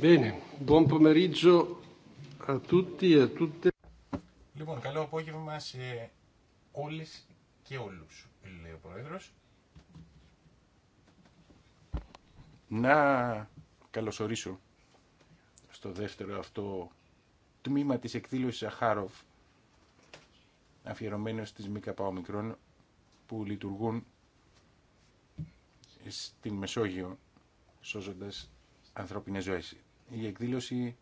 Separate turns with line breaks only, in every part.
Bene, buon pomeriggio a tutti e a tutte.
Λοιπόν, καλό απόγευμα σε όλες και όλους, λέει ο Πρόεδρος. Να καλωσορίσω στο δεύτερο αυτό τμήμα της εκδήλωσης Αχάροφ αφιερωμένο στις Ομικρών, που λειτουργούν στην Μεσόγειο σώζοντας ανθρώπινες ζωές η εκδήλωση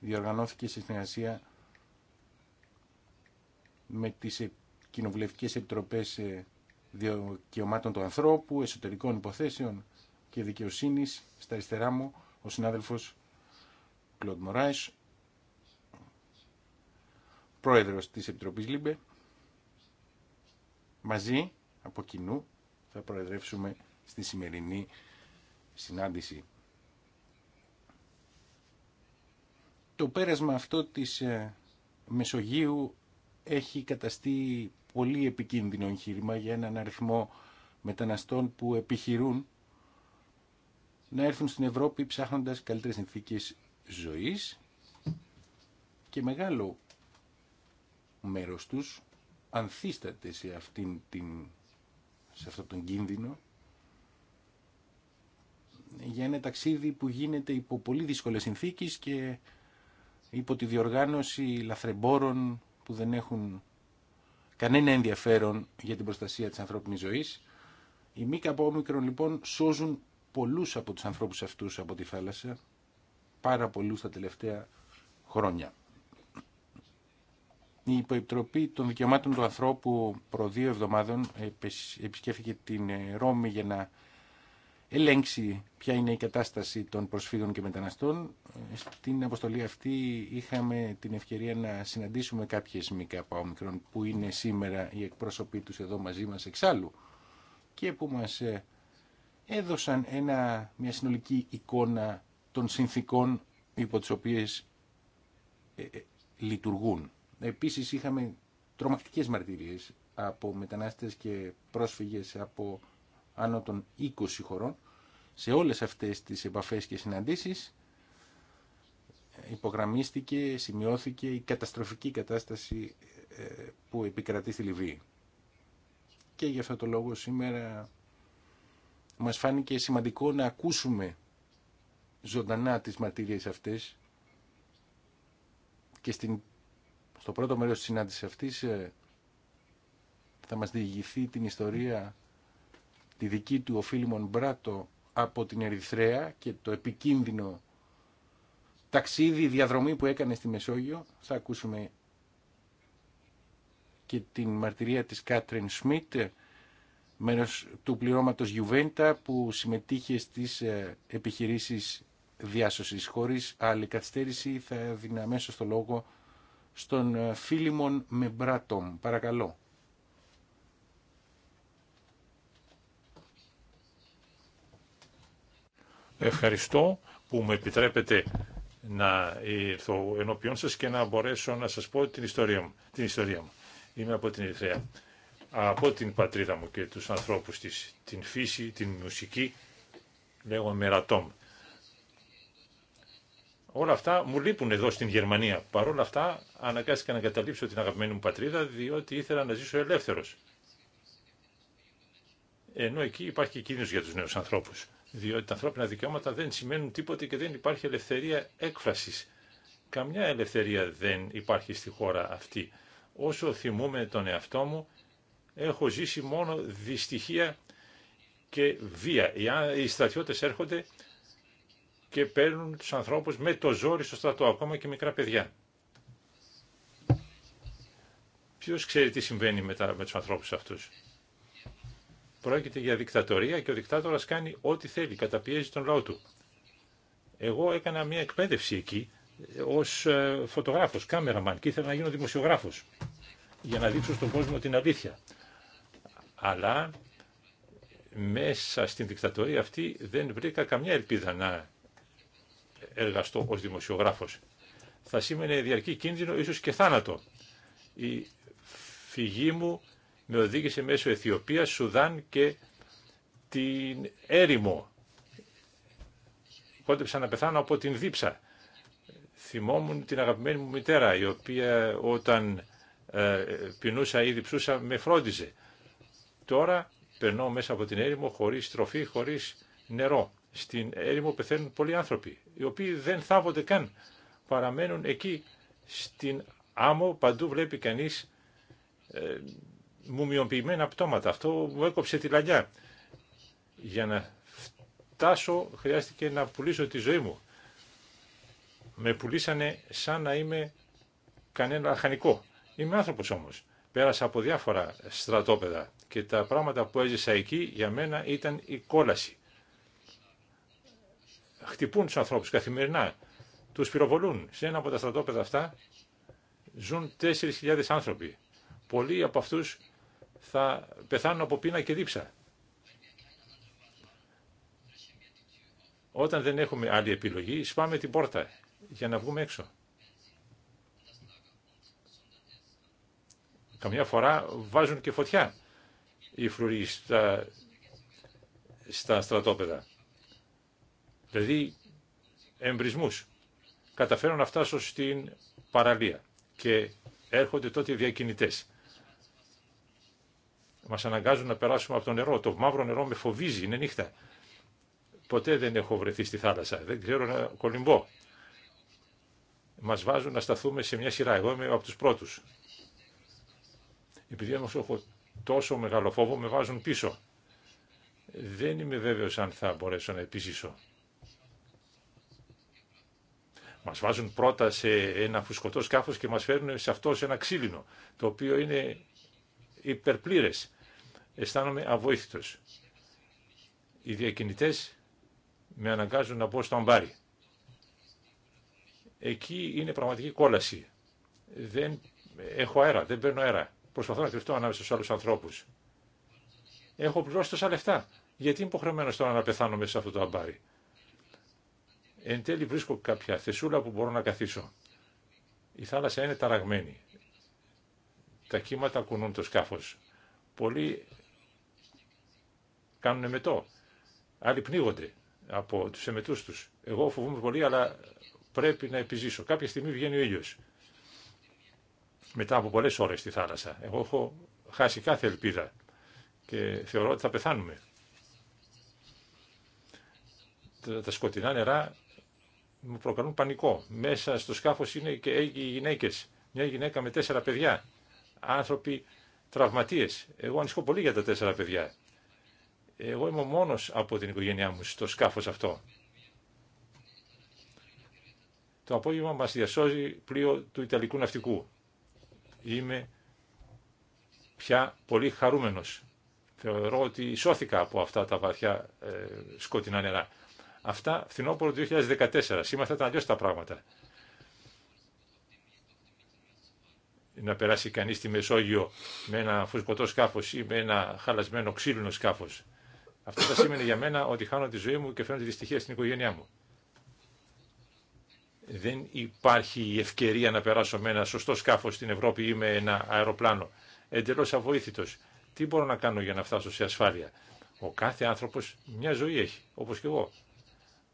διοργανώθηκε σε συνεργασία με τις ε, κοινοβουλευτικές επιτροπές ε, δικαιωμάτων του ανθρώπου, εσωτερικών υποθέσεων και δικαιοσύνης. Στα αριστερά μου ο συνάδελφος Κλοντ Μωράης, πρόεδρος της Επιτροπής ΛΥΜΠΕ. Μαζί, από κοινού, θα προεδρεύσουμε στη σημερινή συνάντηση. το πέρασμα αυτό της ε, Μεσογείου έχει καταστεί πολύ επικίνδυνο εγχείρημα για έναν αριθμό μεταναστών που επιχειρούν να έρθουν στην Ευρώπη ψάχνοντας καλύτερες συνθήκες ζωής και μεγάλο μέρος τους ανθίσταται σε, αυτήν την, σε αυτόν τον κίνδυνο για ένα ταξίδι που γίνεται υπό πολύ δύσκολες συνθήκες και υπό τη διοργάνωση λαθρεμπόρων που δεν έχουν κανένα ενδιαφέρον για την προστασία της ανθρώπινης ζωής. Οι μη καπόμικρον λοιπόν σώζουν πολλούς από τους ανθρώπους αυτούς από τη θάλασσα, πάρα πολλούς τα τελευταία χρόνια. Η Υποεπιτροπή των Δικαιωμάτων του Ανθρώπου προ δύο εβδομάδων επισκέφθηκε την ε, Ρώμη για να ελέγξει ποια είναι η κατάσταση των προσφύγων και μεταναστών. Στην αποστολή αυτή είχαμε την ευκαιρία να συναντήσουμε κάποιες μικρά από που είναι σήμερα οι εκπρόσωποι τους εδώ μαζί μας εξάλλου και που μας ε, έδωσαν ένα, μια συνολική εικόνα των συνθήκων υπό τις οποίες ε, ε, λειτουργούν. Επίσης είχαμε τρομακτικές μαρτυρίες από μετανάστες και πρόσφυγες από άνω των 20 χωρών, σε όλες αυτές τις επαφές και συναντήσεις υπογραμμίστηκε, σημειώθηκε η καταστροφική κατάσταση ε, που επικρατεί στη Λιβύη. Και γι' αυτό το λόγο σήμερα μας φάνηκε σημαντικό να ακούσουμε ζωντανά τις μαρτυρίες αυτές και στην, στο πρώτο μέρος της συνάντησης αυτής ε, θα μας διηγηθεί την ιστορία τη δική του ο Φίλιμον Μπράτο από την Ερυθρέα και το επικίνδυνο ταξίδι, διαδρομή που έκανε στη Μεσόγειο. Θα ακούσουμε και την μαρτυρία της Κάτριν Σμιτ, μέρος του πληρώματος Γιουβέντα που συμμετείχε στις ε, επιχειρήσεις διάσωσης. Χωρίς άλλη καθυστέρηση θα δίνω αμέσως το λόγο στον ε, Φίλιμον Μεμπράτομ. Παρακαλώ.
Ευχαριστώ που με επιτρέπετε να ήρθω ενώπιον σας και να μπορέσω να σας πω την ιστορία μου. Την ιστορία μου. Είμαι από την Ερυθρέα. Από την πατρίδα μου και τους ανθρώπους της, την φύση, την μουσική, λέγω μερατόμ. Όλα αυτά μου λείπουν εδώ στην Γερμανία. Παρ' όλα αυτά αναγκάστηκα να καταλήψω την αγαπημένη μου πατρίδα διότι ήθελα να ζήσω ελεύθερος. Ενώ εκεί υπάρχει και κίνδυνος για τους νέους ανθρώπους διότι τα ανθρώπινα δικαιώματα δεν σημαίνουν τίποτε και δεν υπάρχει ελευθερία έκφρασης. Καμιά ελευθερία δεν υπάρχει στη χώρα αυτή. Όσο θυμούμε τον εαυτό μου, έχω ζήσει μόνο δυστυχία και βία. Οι στρατιώτες έρχονται και παίρνουν τους ανθρώπους με το ζόρι στο στρατό, ακόμα και μικρά παιδιά. Ποιος ξέρει τι συμβαίνει με, με τους ανθρώπους αυτούς πρόκειται για δικτατορία και ο δικτάτορα κάνει ό,τι θέλει, καταπιέζει τον λαό του. Εγώ έκανα μια εκπαίδευση εκεί ε, ως ε, φωτογράφος, κάμεραμαν και ήθελα να γίνω δημοσιογράφος για να δείξω στον κόσμο την αλήθεια. Αλλά μέσα στην δικτατορία αυτή δεν βρήκα καμιά ελπίδα να εργαστώ ως δημοσιογράφος. Θα σήμαινε διαρκή κίνδυνο, ίσως και θάνατο. Η φυγή μου με οδήγησε μέσω Αιθιοπίας, Σουδάν και την έρημο. Κόντεψα να πεθάνω από την δίψα. Θυμόμουν την αγαπημένη μου μητέρα, η οποία όταν ε, πεινούσα ή διψούσα με φρόντιζε. Τώρα περνώ μέσα από την έρημο χωρίς τροφή, χωρίς νερό. Στην έρημο πεθαίνουν πολλοί άνθρωποι, οι οποίοι δεν θάβονται καν. Παραμένουν εκεί, στην άμμο, παντού βλέπει κανείς ε, μουμιοποιημένα πτώματα. Αυτό μου έκοψε τη λαγιά. Για να φτάσω χρειάστηκε να πουλήσω τη ζωή μου. Με πουλήσανε σαν να είμαι κανένα λαχανικό. Είμαι άνθρωπος όμως. Πέρασα από διάφορα στρατόπεδα και τα πράγματα που έζησα εκεί για μένα ήταν η κόλαση. Χτυπούν τους ανθρώπους καθημερινά, τους πυροβολούν. Σε ένα από τα στρατόπεδα αυτά ζουν 4.000 άνθρωποι. Πολλοί από αυτούς θα πεθάνω από πείνα και δίψα. Όταν δεν έχουμε άλλη επιλογή, σπάμε την πόρτα για να βγούμε έξω. Καμιά φορά βάζουν και φωτιά οι φρουροί στα, στα στρατόπεδα. Δηλαδή εμπρισμούς. καταφέρουν να φτάσουν στην παραλία και έρχονται τότε οι διακινητές μας αναγκάζουν να περάσουμε από το νερό. Το μαύρο νερό με φοβίζει, είναι νύχτα. Ποτέ δεν έχω βρεθεί στη θάλασσα, δεν ξέρω να κολυμπώ. Μας βάζουν να σταθούμε σε μια σειρά, εγώ είμαι από τους πρώτους. Επειδή όμως έχω τόσο μεγάλο φόβο, με βάζουν πίσω. Δεν είμαι βέβαιος αν θα μπορέσω να επιζήσω. Μας βάζουν πρώτα σε ένα φουσκωτό σκάφος και μας φέρνουν σε αυτό σε ένα ξύλινο, το οποίο είναι υπερπλήρες αισθάνομαι αβοήθητος. Οι διακινητές με αναγκάζουν να μπω στο αμπάρι. Εκεί είναι πραγματική κόλαση. Δεν έχω αέρα, δεν παίρνω αέρα. Προσπαθώ να κρυφτώ ανάμεσα στους άλλους ανθρώπους. Έχω πληρώσει τόσα λεφτά. Γιατί είμαι υποχρεωμένο τώρα να πεθάνω μέσα σε αυτό το αμπάρι. Εν τέλει βρίσκω κάποια θεσούλα που μπορώ να καθίσω. Η θάλασσα είναι ταραγμένη. Τα κύματα κουνούν το σκάφος. Πολλοί κάνουν εμετό. Άλλοι πνίγονται από τους εμετούς του. Εγώ φοβούμαι πολύ, αλλά πρέπει να επιζήσω. Κάποια στιγμή βγαίνει ο ήλιος. Μετά από πολλές ώρες στη θάλασσα. Εγώ έχω χάσει κάθε ελπίδα και θεωρώ ότι θα πεθάνουμε. Τα σκοτεινά νερά μου προκαλούν πανικό. Μέσα στο σκάφος είναι και οι γυναίκες. Μια γυναίκα με τέσσερα παιδιά. Άνθρωποι τραυματίες. Εγώ ανησυχώ πολύ για τα τέσσερα παιδιά. Εγώ είμαι μόνος από την οικογένειά μου στο σκάφος αυτό. Το απόγευμα μας διασώζει πλοίο του Ιταλικού Ναυτικού. Είμαι πια πολύ χαρούμενος. Θεωρώ ότι σώθηκα από αυτά τα βαθιά ε, σκοτεινά νερά. Αυτά φθινόπωρο του 2014. Σήμερα θα ήταν αλλιώ τα πράγματα. Να περάσει κανείς στη Μεσόγειο με ένα φουσκωτό σκάφος ή με ένα χαλασμένο ξύλινο σκάφος. Αυτό θα σήμαινε για μένα ότι χάνω τη ζωή μου και τη δυστυχία στην οικογένειά μου. Δεν υπάρχει η ευκαιρία να περάσω με ένα σωστό σκάφο στην Ευρώπη ή με ένα αεροπλάνο. Εντελώ αβοήθητο. Τι μπορώ να κάνω για να φτάσω σε ασφάλεια. Ο κάθε άνθρωπο μια ζωή έχει, όπω και εγώ.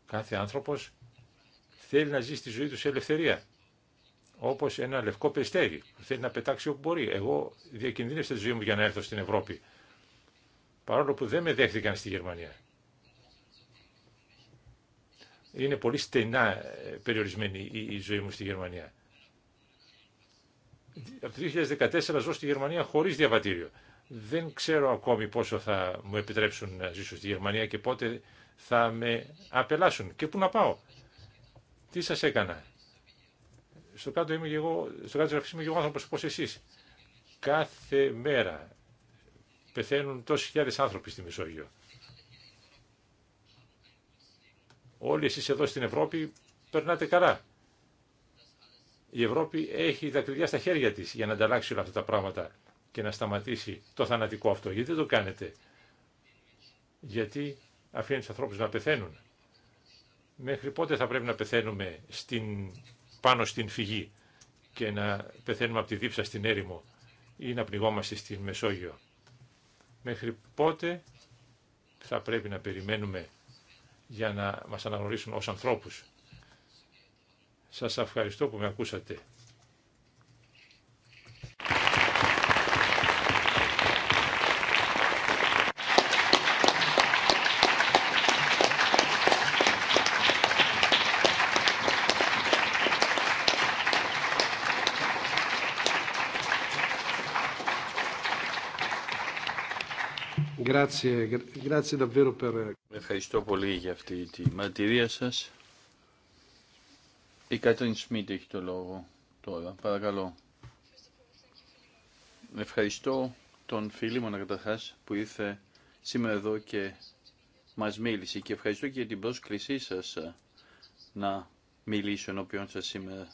Κάθε άνθρωπο θέλει να ζήσει τη ζωή του σε ελευθερία. Όπω ένα λευκό περιστέρι θέλει να πετάξει όπου μπορεί. Εγώ διακινδύνευσα τη ζωή μου για να έρθω στην Ευρώπη παρόλο που δεν με δέχτηκαν στη Γερμανία. Είναι πολύ στενά ε, περιορισμένη η ζωή μου στη Γερμανία. Από το 2014 ζω στη Γερμανία χωρίς διαβατήριο. Δεν ξέρω ακόμη πόσο θα μου επιτρέψουν να ζήσω στη Γερμανία και πότε θα με απελάσουν. Και πού να πάω. Τι σας έκανα. Στο κάτω είμαι και εγώ, στο κάτω είμαι και εγώ άνθρωπος όπως εσείς. Κάθε μέρα πεθαίνουν τόσοι χιλιάδες άνθρωποι στη Μεσόγειο. Όλοι εσείς εδώ στην Ευρώπη περνάτε καλά. Η Ευρώπη έχει κλειδιά στα χέρια της για να ανταλλάξει όλα αυτά τα πράγματα και να σταματήσει το θανατικό αυτό. Γιατί δεν το κάνετε. Γιατί αφήνει τους ανθρώπους να πεθαίνουν. Μέχρι πότε θα πρέπει να πεθαίνουμε στην, πάνω στην φυγή και να πεθαίνουμε από τη δίψα στην έρημο ή να πνιγόμαστε στη Μεσόγειο. Μέχρι πότε θα πρέπει να περιμένουμε για να μας αναγνωρίσουν ως ανθρώπους. Σας ευχαριστώ που με ακούσατε.
Ευχαριστώ πολύ για αυτή τη μαρτυρία σας. Η Κάτριν Σμίτ έχει το λόγο τώρα. Παρακαλώ. Ευχαριστώ τον να καταρχά, που ήρθε σήμερα εδώ και μας μίλησε και ευχαριστώ και για την πρόσκλησή σας ε, να μιλήσω ενώπιον σας σήμερα.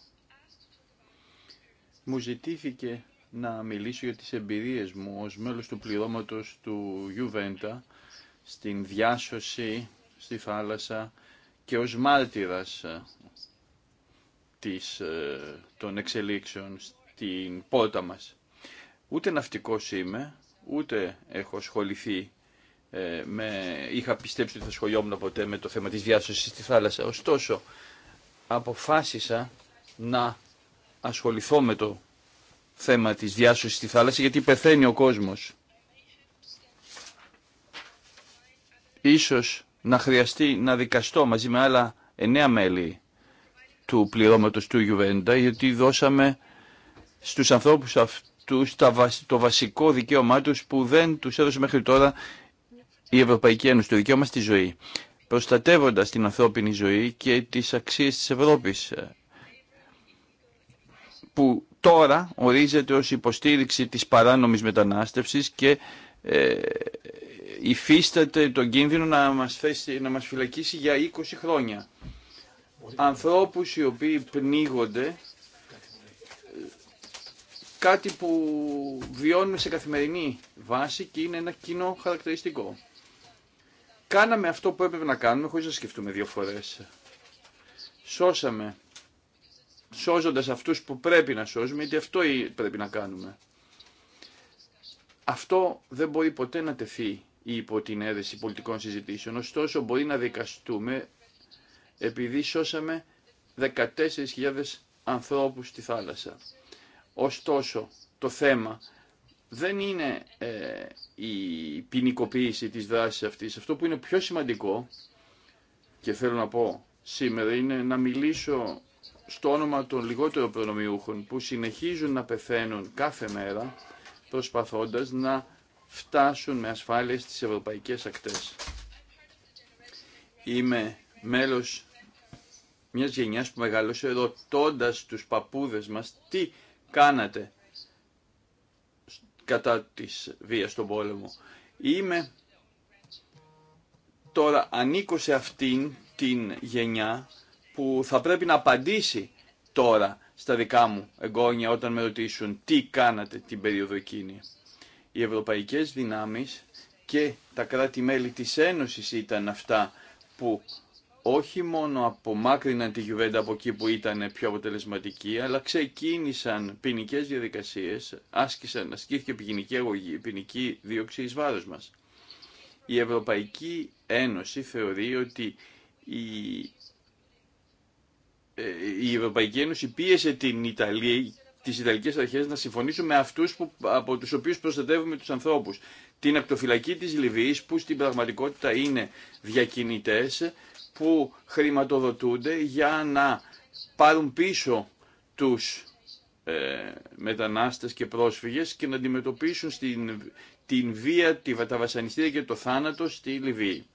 Μου ζητήθηκε να μιλήσω για τις εμπειρίες μου ως μέλος του πληρώματος του Ιουβέντα στην διάσωση στη θάλασσα και ως μάρτυρας ε, της, ε, των εξελίξεων στην πόρτα μας. Ούτε ναυτικός είμαι, ούτε έχω ασχοληθεί ε, με, είχα πιστέψει ότι θα σχολιόμουν ποτέ με το θέμα της διάσωσης στη θάλασσα. Ωστόσο, αποφάσισα να ασχοληθώ με το θέμα της διάσωσης στη θάλασσα γιατί πεθαίνει ο κόσμος. Ίσως να χρειαστεί να δικαστώ μαζί με άλλα εννέα μέλη του πληρώματος του Ιουβέντα γιατί δώσαμε στους ανθρώπους αυτούς το βασικό δικαίωμά τους που δεν τους έδωσε μέχρι τώρα η Ευρωπαϊκή Ένωση, το δικαίωμα στη ζωή, προστατεύοντας την ανθρώπινη ζωή και τις αξίες της Ευρώπης τώρα ορίζεται ως υποστήριξη της παράνομης μετανάστευσης και ε, υφίσταται τον κίνδυνο να μας, φέσει, να μας φυλακίσει για 20 χρόνια. Ανθρώπους οι οποίοι πνίγονται ε, κάτι που βιώνουμε σε καθημερινή βάση και είναι ένα κοινό χαρακτηριστικό. Κάναμε αυτό που έπρεπε να κάνουμε χωρίς να σκεφτούμε δύο φορές. Σώσαμε σώζοντας αυτούς που πρέπει να σώζουμε, γιατί αυτό πρέπει να κάνουμε. Αυτό δεν μπορεί ποτέ να τεθεί υπό την αίρεση πολιτικών συζητήσεων, ωστόσο μπορεί να δικαστούμε επειδή σώσαμε 14.000 ανθρώπους στη θάλασσα. Ωστόσο, το θέμα δεν είναι ε, η ποινικοποίηση της δράσης αυτής. Αυτό που είναι πιο σημαντικό και θέλω να πω σήμερα είναι να μιλήσω στο όνομα των λιγότερων προνομιούχων που συνεχίζουν να πεθαίνουν κάθε μέρα προσπαθώντας να φτάσουν με ασφάλεια στις ευρωπαϊκές ακτές. Είμαι μέλος μιας γενιάς που μεγαλώσε ρωτώντα τους παππούδες μας τι κάνατε κατά της βίας στον πόλεμο. Είμαι τώρα ανήκω σε αυτήν την γενιά που θα πρέπει να απαντήσει τώρα στα δικά μου εγγόνια όταν με ρωτήσουν τι κάνατε την περίοδο εκείνη. Οι ευρωπαϊκές δυνάμεις και τα κράτη-μέλη της Ένωσης ήταν αυτά που όχι μόνο απομάκρυναν τη Γιουβέντα από εκεί που ήταν πιο αποτελεσματική, αλλά ξεκίνησαν ποινικέ διαδικασίες, άσκησαν, ασκήθηκε ποινική αγωγή, ποινική δίωξη εις βάρος μας. Η Ευρωπαϊκή Ένωση θεωρεί ότι η ε, η Ευρωπαϊκή Ένωση πίεσε την Ιταλία, τις Ιταλικές αρχές να συμφωνήσουν με αυτούς που, από τους οποίους προστατεύουμε τους ανθρώπους. Την ακτοφυλακή της Λιβύης που στην πραγματικότητα είναι διακινητές που χρηματοδοτούνται για να πάρουν πίσω τους ε, μετανάστες και πρόσφυγες και να αντιμετωπίσουν στην, την βία, τη, τα βασανιστήρια και το θάνατο στη Λιβύη.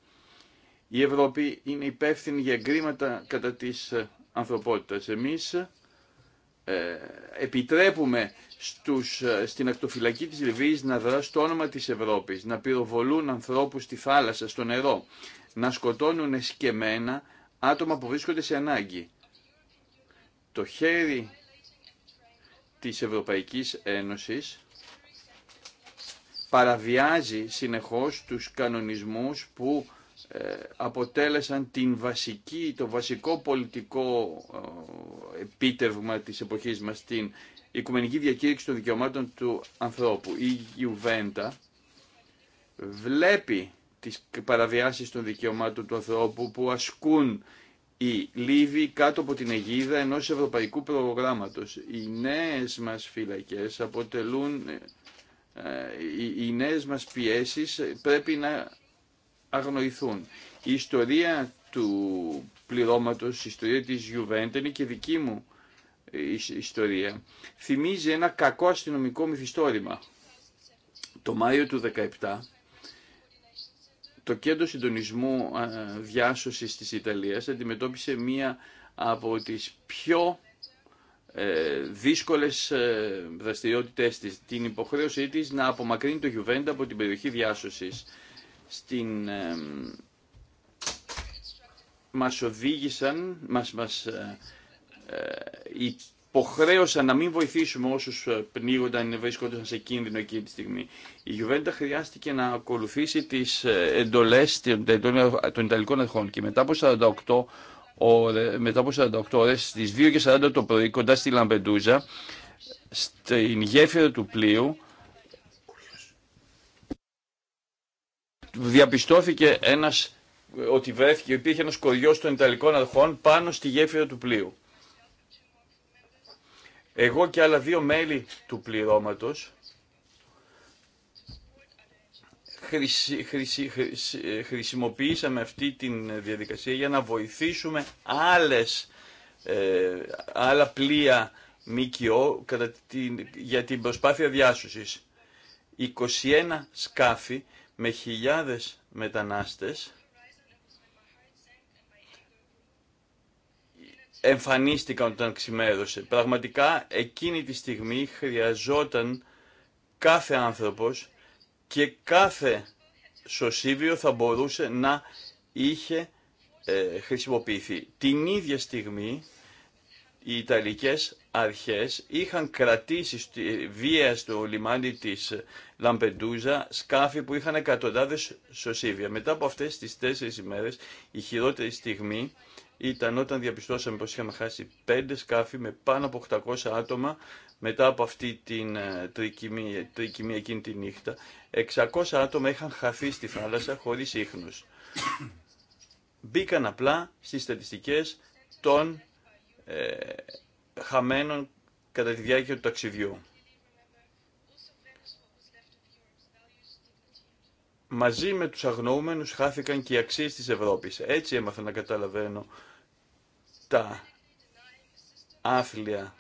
Η Ευρώπη είναι υπεύθυνη για εγκρήματα κατά της ε, ανθρωπότητας. Εμείς ε, επιτρέπουμε στους, ε, στην ακτοφυλακή της Λιβύης να δράσει το όνομα της Ευρώπης, να πυροβολούν ανθρώπους στη θάλασσα, στο νερό, να σκοτώνουν εσκεμένα άτομα που βρίσκονται σε ανάγκη. Το χέρι της Ευρωπαϊκής Ένωσης παραβιάζει συνεχώς τους κανονισμούς που ε, αποτέλεσαν την βασική, το βασικό πολιτικό ε, επίτευγμα της εποχής μας, την Οικουμενική Διακήρυξη των Δικαιωμάτων του Ανθρώπου. Η Ιουβέντα βλέπει τις παραβιάσεις των δικαιωμάτων του ανθρώπου που ασκούν η Λίβοι κάτω από την αιγίδα ενός ευρωπαϊκού προγράμματος. Οι νέες μας φυλακές αποτελούν, ε, οι νέες μας πιέσεις πρέπει να αγνοηθούν. Η ιστορία του πληρώματος, η ιστορία της Γιουβέντα είναι και δική μου ε, ιστορία. Θυμίζει ένα κακό αστυνομικό μυθιστόρημα. Το Μάιο του 2017, το Κέντρο Συντονισμού Διάσωσης της Ιταλίας αντιμετώπισε μία από τις πιο ε, δύσκολες ε, δραστηριότητες της, την υποχρέωσή της να απομακρύνει το Γιουβέντα από την περιοχή διάσωσης στην, ε, μας οδήγησαν, μας, μας ε, ε, υποχρέωσαν να μην βοηθήσουμε όσους ε, πνίγονταν ή βρίσκονταν σε κίνδυνο εκείνη τη στιγμή. Η Γιουβέντα χρειάστηκε να ακολουθήσει τις εντολές των Ιταλικών αρχών και μετά από 48 ώρες, μετά από 48 ώρες στις 2 και 40 το πρωί κοντά στη Λαμπεντούζα στην γέφυρα του πλοίου διαπιστώθηκε ένας, ότι βρέθηκε, υπήρχε ένας κοριός των Ιταλικών αρχών πάνω στη γέφυρα του πλοίου. Εγώ και άλλα δύο μέλη του πληρώματος χρησιμοποιήσαμε αυτή τη διαδικασία για να βοηθήσουμε άλλες, ε, άλλα πλοία ΜΚΟ για την προσπάθεια διάσωσης. 21 σκάφη με χιλιάδες μετανάστες εμφανίστηκαν όταν ξημέρωσε. Πραγματικά εκείνη τη στιγμή χρειαζόταν κάθε άνθρωπος και κάθε σωσίβιο θα μπορούσε να είχε ε, χρησιμοποιηθεί. Την ίδια στιγμή οι Ιταλικές αρχές είχαν κρατήσει στη βία στο λιμάνι της Λαμπεντούζα σκάφη που είχαν εκατοντάδε σωσίβια. Μετά από αυτέ τι τέσσερι ημέρε, η χειρότερη στιγμή ήταν όταν διαπιστώσαμε πω είχαμε χάσει πέντε σκάφη με πάνω από 800 άτομα μετά από αυτή την ε, τρικυμία, εκείνη τη νύχτα. 600 άτομα είχαν χαθεί στη θάλασσα χωρί ίχνους. Μπήκαν απλά στι στατιστικέ των ε, χαμένων κατά τη διάρκεια του ταξιδιού. μαζί με τους αγνοούμενους χάθηκαν και οι αξίες της Ευρώπης. Έτσι έμαθα να καταλαβαίνω τα άθλια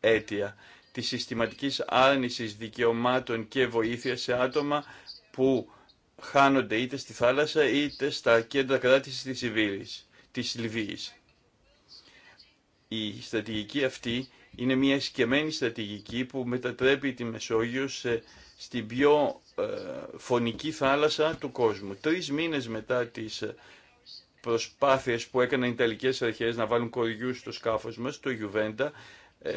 αίτια της συστηματικής άρνησης δικαιωμάτων και βοήθεια σε άτομα που χάνονται είτε στη θάλασσα είτε στα κέντρα κράτησης της, Ιβύλης, της Λιβύης. Η στρατηγική αυτή είναι μια σκεμμένη στρατηγική που μετατρέπει τη Μεσόγειο σε, στην πιο ε, φωνική θάλασσα του κόσμου. Τρεις μήνες μετά τις ε, προσπάθειες που έκαναν οι Ιταλικές αρχές να βάλουν κοριού στο σκάφος μας, το Ιουβέντα, ε,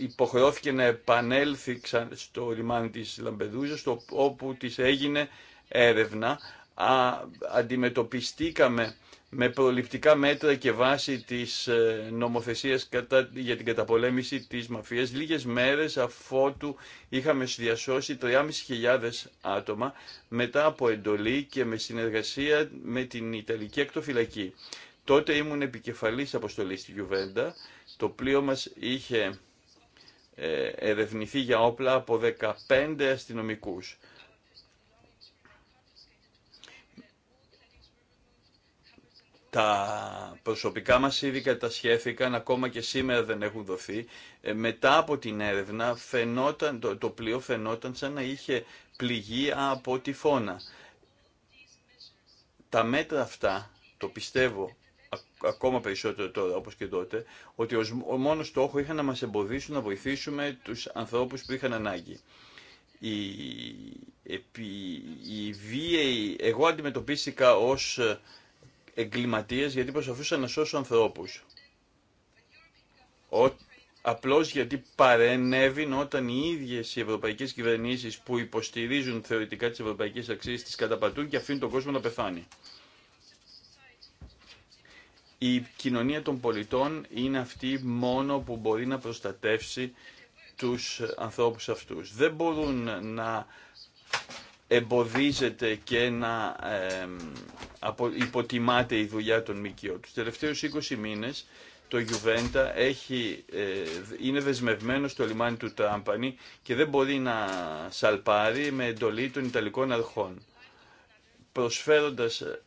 υποχρεώθηκε να επανέλθει στο λιμάνι της Λαμπεδούζας, όπου της έγινε έρευνα. Α, αντιμετωπιστήκαμε με προληπτικά μέτρα και βάση της ε, νομοθεσίας κατά, για την καταπολέμηση της μαφίας λίγες μέρες αφότου είχαμε διασώσει 3.500 άτομα μετά από εντολή και με συνεργασία με την Ιταλική Ακτοφυλακή. Τότε ήμουν επικεφαλής αποστολής στη Γιουβέντα. Το πλοίο μας είχε ε, ερευνηθεί για όπλα από 15 αστυνομικούς. Τα προσωπικά μας ήδη κατασχέθηκαν, ακόμα και σήμερα δεν έχουν δοθεί. Ε, μετά από την έρευνα φαινόταν, το, το πλοίο φαινόταν σαν να είχε πληγή από τη τυφώνα. Τα μέτρα αυτά, το πιστεύω ακόμα περισσότερο τώρα όπως και τότε, ότι ως, ο μόνος στόχο είχαν να μας εμποδίσουν να βοηθήσουμε τους ανθρώπους που είχαν ανάγκη. Η, επί, η εγώ αντιμετωπίστηκα ως εγκληματίες γιατί προσπαθούσαν να σώσουν ανθρώπους. Ο, απλώς γιατί παρενέβην όταν οι ίδιες οι ευρωπαϊκές κυβερνήσεις που υποστηρίζουν θεωρητικά τις ευρωπαϊκές αξίες τις καταπατούν και αφήνουν τον κόσμο να πεθάνει. Η κοινωνία των πολιτών είναι αυτή μόνο που μπορεί να προστατεύσει τους ανθρώπους αυτούς. Δεν μπορούν να εμποδίζεται και να υποτιμάται η δουλειά των ΜΚΟ. Τους τελευταίους 20 μήνες το Ιουβέντα έχει, ε, είναι δεσμευμένο στο λιμάνι του Τράμπανη και δεν μπορεί να σαλπάρει με εντολή των Ιταλικών αρχών. Προσφέροντας ε,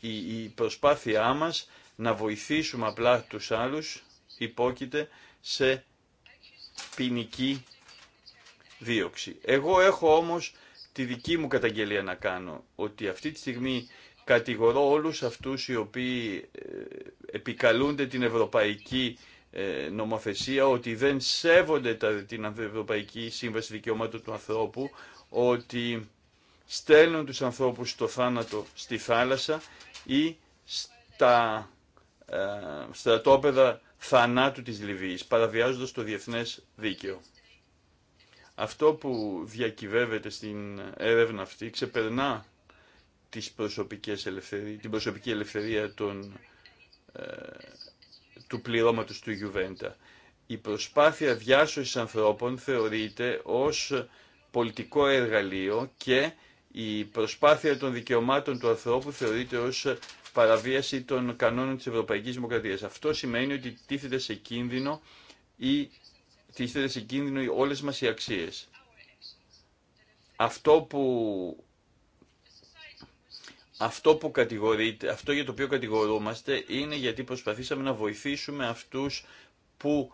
η, η προσπάθειά μας να βοηθήσουμε απλά τους άλλους υπόκειται σε ποινική δίωξη. Εγώ έχω όμως τη δική μου καταγγελία να κάνω, ότι αυτή τη στιγμή κατηγορώ όλους αυτούς οι οποίοι ε, επικαλούνται την ευρωπαϊκή ε, νομοθεσία, ότι δεν σέβονται την Ευρωπαϊκή Σύμβαση Δικαιωμάτων του Ανθρώπου, ότι στέλνουν τους ανθρώπους στο θάνατο στη θάλασσα ή στα ε, στρατόπεδα θανάτου της Λιβύης, παραβιάζοντας το διεθνές δίκαιο. Αυτό που διακυβεύεται στην έρευνα αυτή ξεπερνά τις προσωπικές την προσωπική ελευθερία των, ε, του πληρώματος του Γιουβέντα. Η προσπάθεια διάσωσης ανθρώπων θεωρείται ως πολιτικό εργαλείο και η προσπάθεια των δικαιωμάτων του ανθρώπου θεωρείται ως παραβίαση των κανόνων της Ευρωπαϊκής Δημοκρατίας. Αυτό σημαίνει ότι τίθεται σε κίνδυνο η τίθεται σε κίνδυνο όλες μας οι αξίες. Αυτό που αυτό, που κατηγορείται, αυτό για το οποίο κατηγορούμαστε είναι γιατί προσπαθήσαμε να βοηθήσουμε αυτούς που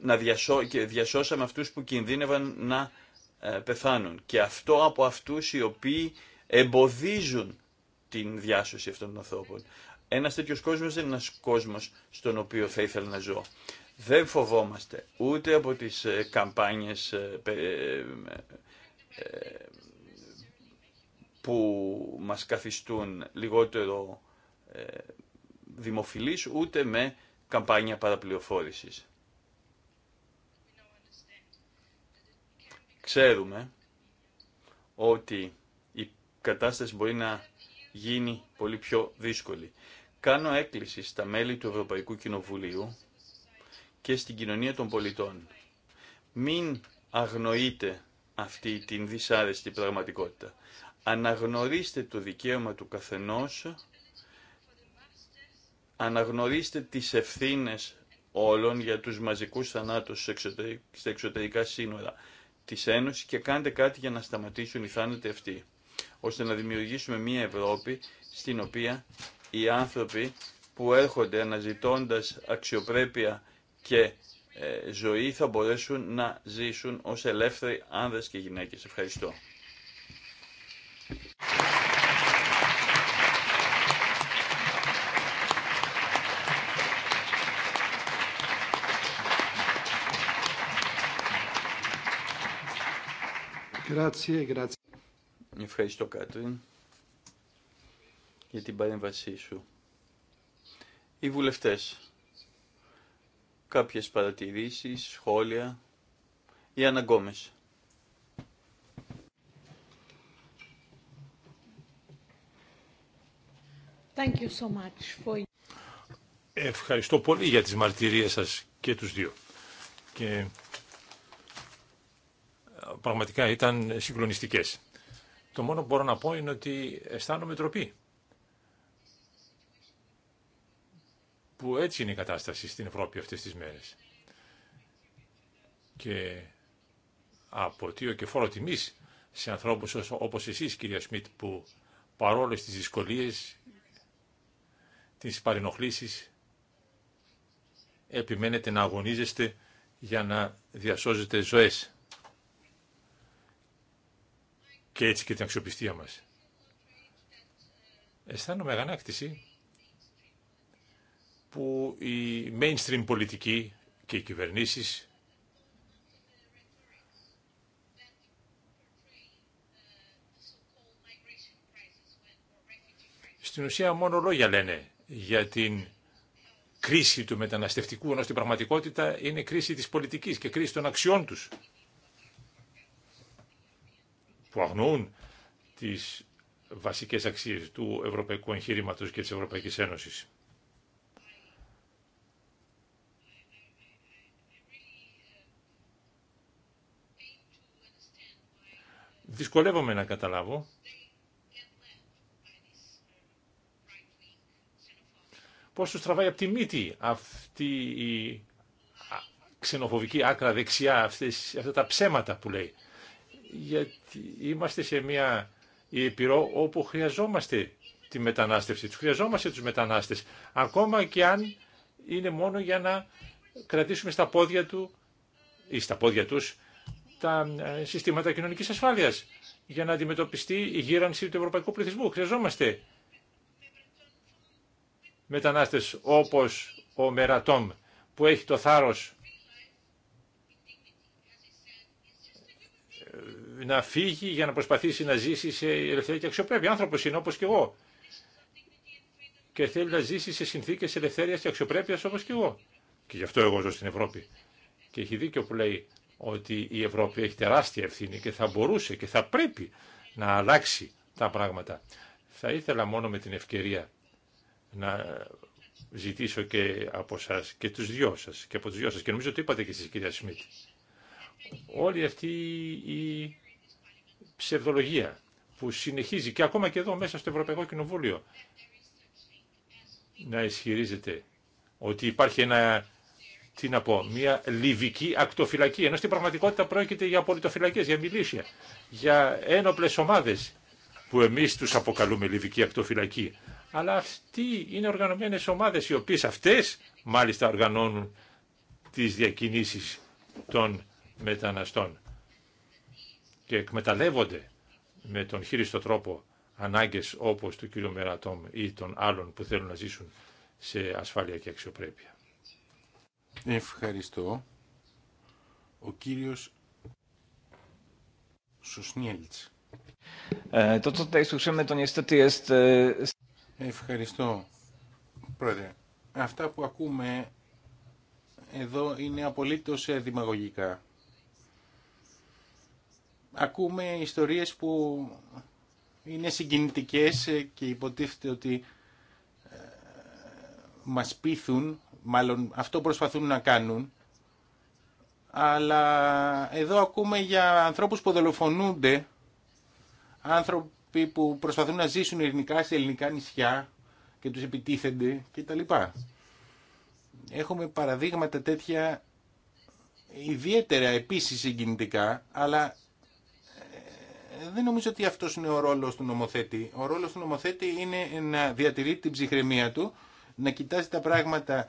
να διασώ, και διασώσαμε αυτούς που κινδύνευαν να ε, πεθάνουν. Και αυτό από αυτούς οι οποίοι εμποδίζουν την διάσωση αυτών των ανθρώπων. Ένας τέτοιος κόσμος δεν είναι ένας κόσμος στον οποίο θα ήθελα να ζω. Δεν φοβόμαστε ούτε από τις ε, καμπάνιες ε, ε, που μας καθιστούν λιγότερο δημοφιλείς, ούτε με καμπάνια παραπληροφόρησης. Ξέρουμε ότι η κατάσταση μπορεί να γίνει πολύ πιο δύσκολη. Κάνω έκκληση στα μέλη του Ευρωπαϊκού Κοινοβουλίου και στην κοινωνία των πολιτών. Μην αγνοείτε αυτή την δυσάρεστη πραγματικότητα. Αναγνωρίστε το δικαίωμα του καθενός, αναγνωρίστε τις ευθύνες όλων για τους μαζικούς θανάτους στα εξωτερικά σύνορα της Ένωσης και κάντε κάτι για να σταματήσουν οι θάνατοι αυτοί, ώστε να δημιουργήσουμε μια Ευρώπη στην οποία οι άνθρωποι που έρχονται αναζητώντας αξιοπρέπεια και ε, ζωή θα μπορέσουν να ζήσουν ως ελεύθεροι άνδρες και γυναίκες. Ευχαριστώ. Ευχαριστώ Κάτριν για την παρέμβασή σου. Οι βουλευτές Κάποιες παρατηρήσεις, σχόλια. Η αναγκόμες.
Thank you so much for...
Ευχαριστώ πολύ για τις μαρτυρίες σας και τους δύο. Και ε, πραγματικά ήταν συγκλονιστικές. Το μόνο που μπορώ να πω είναι ότι αισθάνομαι τροπή που έτσι είναι η κατάσταση στην Ευρώπη αυτές τις μέρες. Και αποτείω και φόρο τιμής σε ανθρώπους όπως εσείς κυρία Σμιτ που παρόλε τις δυσκολίες, τις παρενοχλήσεις επιμένετε να αγωνίζεστε για να διασώζετε ζωές και έτσι και την αξιοπιστία μας. Αισθάνομαι αγανάκτηση που η mainstream πολιτική και οι κυβερνήσεις στην ουσία μόνο λόγια λένε για την κρίση του μεταναστευτικού, ενώ στην πραγματικότητα είναι κρίση της πολιτικής και κρίση των αξιών τους, που αγνοούν τις βασικές αξίες του ευρωπαϊκού εγχείρηματος και της Ευρωπαϊκής Ένωσης. δυσκολεύομαι να καταλάβω πώς τους τραβάει από τη μύτη αυτή η ξενοφοβική άκρα δεξιά, αυτές, αυτά τα ψέματα που λέει. Γιατί είμαστε σε μια Ήπειρο όπου χρειαζόμαστε τη μετανάστευση, τους χρειαζόμαστε τους μετανάστες, ακόμα και αν είναι μόνο για να κρατήσουμε στα πόδια του ή στα πόδια τους τα ε, συστήματα κοινωνική ασφάλεια για να αντιμετωπιστεί η γύρανση του ευρωπαϊκού πληθυσμού. Χρειαζόμαστε μετανάστες όπω ο Μερατόμ που έχει το θάρρο να φύγει για να προσπαθήσει να ζήσει σε ελευθερία και αξιοπρέπεια. Άνθρωπο είναι όπω και εγώ. Και θέλει να ζήσει σε συνθήκε ελευθερία και αξιοπρέπεια όπω και εγώ. Και γι' αυτό εγώ ζω στην Ευρώπη. Και έχει δίκιο που λέει ότι η Ευρώπη έχει τεράστια ευθύνη και θα μπορούσε και θα πρέπει να αλλάξει τα πράγματα. Θα ήθελα μόνο με την ευκαιρία να ζητήσω και από εσά και τους δυο σας και από τους δυο σας και νομίζω ότι είπατε και εσείς κυρία Σμίτ όλη αυτή η ψευδολογία που συνεχίζει και ακόμα και εδώ μέσα στο Ευρωπαϊκό Κοινοβούλιο να ισχυρίζεται ότι υπάρχει ένα τι να πω, μια λιβική ακτοφυλακή, ενώ στην πραγματικότητα πρόκειται για πολιτοφυλακές, για μιλήσια, για ένοπλες ομάδες που εμείς τους αποκαλούμε λιβική ακτοφυλακή. Αλλά αυτοί είναι οργανωμένες ομάδες οι οποίες αυτές μάλιστα οργανώνουν τις διακινήσεις των μεταναστών και εκμεταλλεύονται με τον χείριστο τρόπο ανάγκες όπως του κ. Μερατόμ ή των άλλων που θέλουν να ζήσουν σε ασφάλεια και αξιοπρέπεια. Ευχαριστώ. Ο κύριος
Σουσνιέλτς. Ε, το Ευχαριστώ, πρόεδρε. Αυτά που ακούμε εδώ είναι απολύτως ε, δημαγωγικά. Ακούμε ιστορίες που είναι συγκινητικές ε, και υποτίθεται ότι μας πείθουν μάλλον αυτό προσπαθούν να κάνουν, αλλά εδώ ακούμε για ανθρώπους που δολοφονούνται, άνθρωποι που προσπαθούν να ζήσουν ειρηνικά σε ελληνικά νησιά και τους επιτίθενται κτλ. Έχουμε παραδείγματα τέτοια ιδιαίτερα επίσης συγκινητικά, αλλά ε, δεν νομίζω ότι αυτός είναι ο ρόλος του νομοθέτη. Ο ρόλος του νομοθέτη είναι να διατηρεί την ψυχραιμία του, να κοιτάζει τα πράγματα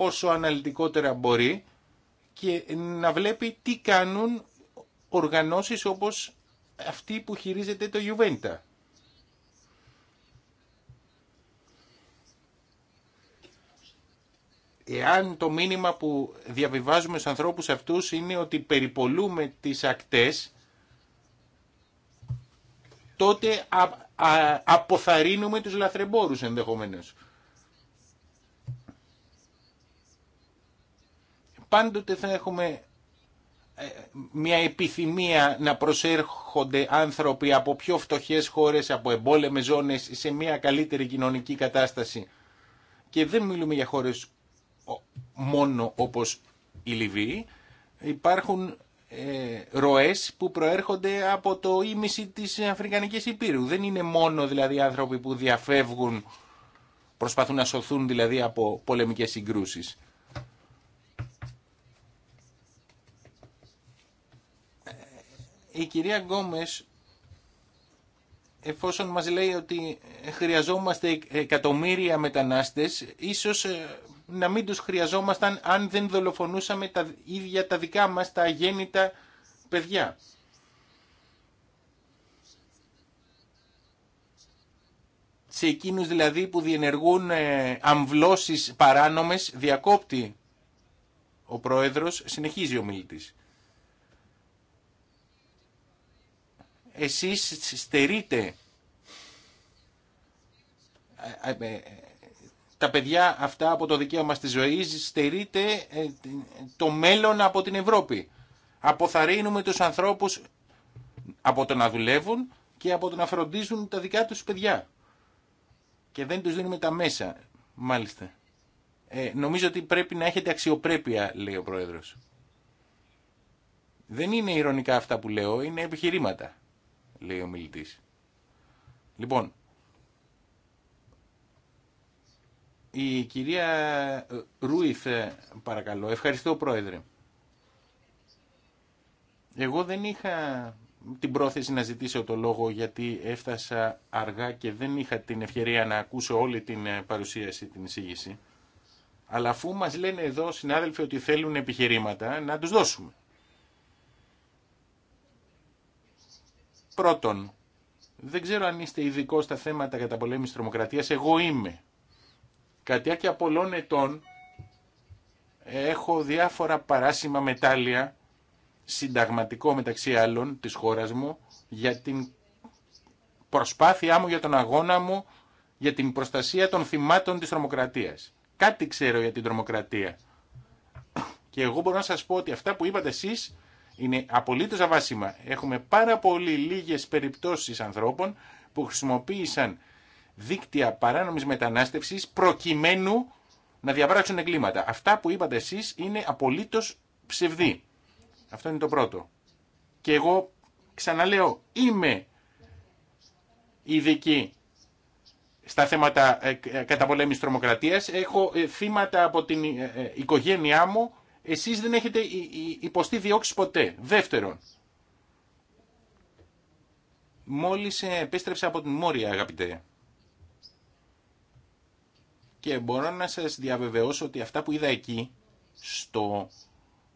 όσο αναλυτικότερα μπορεί και να βλέπει τι κάνουν οργανώσεις όπως αυτή που χειρίζεται το Ιουβέντα. Εάν το μήνυμα που διαβιβάζουμε στους ανθρώπους αυτούς είναι ότι περιπολούμε τις ακτές, τότε αποθαρρύνουμε τους λαθρεμπόρους ενδεχομένως. πάντοτε θα έχουμε ε, μια επιθυμία να προσέρχονται άνθρωποι από πιο φτωχές χώρες, από εμπόλεμες ζώνες, σε μια καλύτερη κοινωνική κατάσταση. Και δεν μιλούμε για χώρες μόνο όπως η Λιβύη. Υπάρχουν ε, ροές που προέρχονται από το ίμιση της Αφρικανικής Υπήρου. Δεν είναι μόνο δηλαδή άνθρωποι που διαφεύγουν, προσπαθούν να σωθούν δηλαδή από πολεμικές συγκρούσεις. Η κυρία Γκόμες, εφόσον μας λέει ότι χρειαζόμαστε εκατομμύρια μετανάστες, ίσως ε, να μην τους χρειαζόμασταν αν δεν δολοφονούσαμε τα ίδια τα δικά μας τα αγέννητα παιδιά. σε εκείνους δηλαδή που διενεργούν ε, αμβλώσεις παράνομες διακόπτη ο πρόεδρος, συνεχίζει ο μιλητής. εσείς στερείτε ε, ε, τα παιδιά αυτά από το δικαίωμα στη ζωή, στερείτε ε, το μέλλον από την Ευρώπη. Αποθαρρύνουμε τους ανθρώπους από το να δουλεύουν και από το να φροντίζουν τα δικά τους παιδιά. Και δεν τους δίνουμε τα μέσα, μάλιστα. νομίζω ότι πρέπει να έχετε αξιοπρέπεια, λέει ο Πρόεδρος. Δεν είναι ηρωνικά αυτά που λέω, είναι επιχειρήματα λέει ο Λοιπόν, η κυρία ε, Ρούιθ, ε, παρακαλώ. Ευχαριστώ, Πρόεδρε. Εγώ δεν είχα την πρόθεση να ζητήσω το λόγο γιατί έφτασα αργά και δεν είχα την ευκαιρία να ακούσω όλη την ε, παρουσίαση, την εισήγηση. Αλλά αφού μας λένε εδώ συνάδελφοι ότι θέλουν επιχειρήματα, να τους δώσουμε. Πρώτον, δεν ξέρω αν είστε ειδικό στα θέματα της τρομοκρατία. εγώ είμαι. Κατά και πολλών ετών έχω διάφορα παράσημα μετάλλια, συνταγματικό μεταξύ άλλων της χώρας μου, για την προσπάθειά μου, για τον αγώνα μου, για την προστασία των θυμάτων της τρομοκρατίας. Κάτι ξέρω για την τρομοκρατία. Και εγώ μπορώ να σας πω ότι αυτά που είπατε εσείς είναι απολύτω αβάσιμα. Έχουμε πάρα πολύ λίγες περιπτώσεις ανθρώπων που χρησιμοποίησαν δίκτυα παράνομης μετανάστευση προκειμένου να διαπράξουν εγκλήματα. Αυτά που είπατε εσεί είναι απολύτω ψευδή. Αυτό είναι το πρώτο. Και εγώ ξαναλέω, είμαι ειδική στα θέματα ε, ε, καταπολέμησης τρομοκρατίας. Έχω ε, θύματα από την οικογένειά μου εσείς δεν έχετε υποστεί διώξεις ποτέ. Δεύτερον, μόλις επέστρεψα από την Μόρια αγαπητέ και μπορώ να σας διαβεβαιώσω ότι αυτά που είδα εκεί στο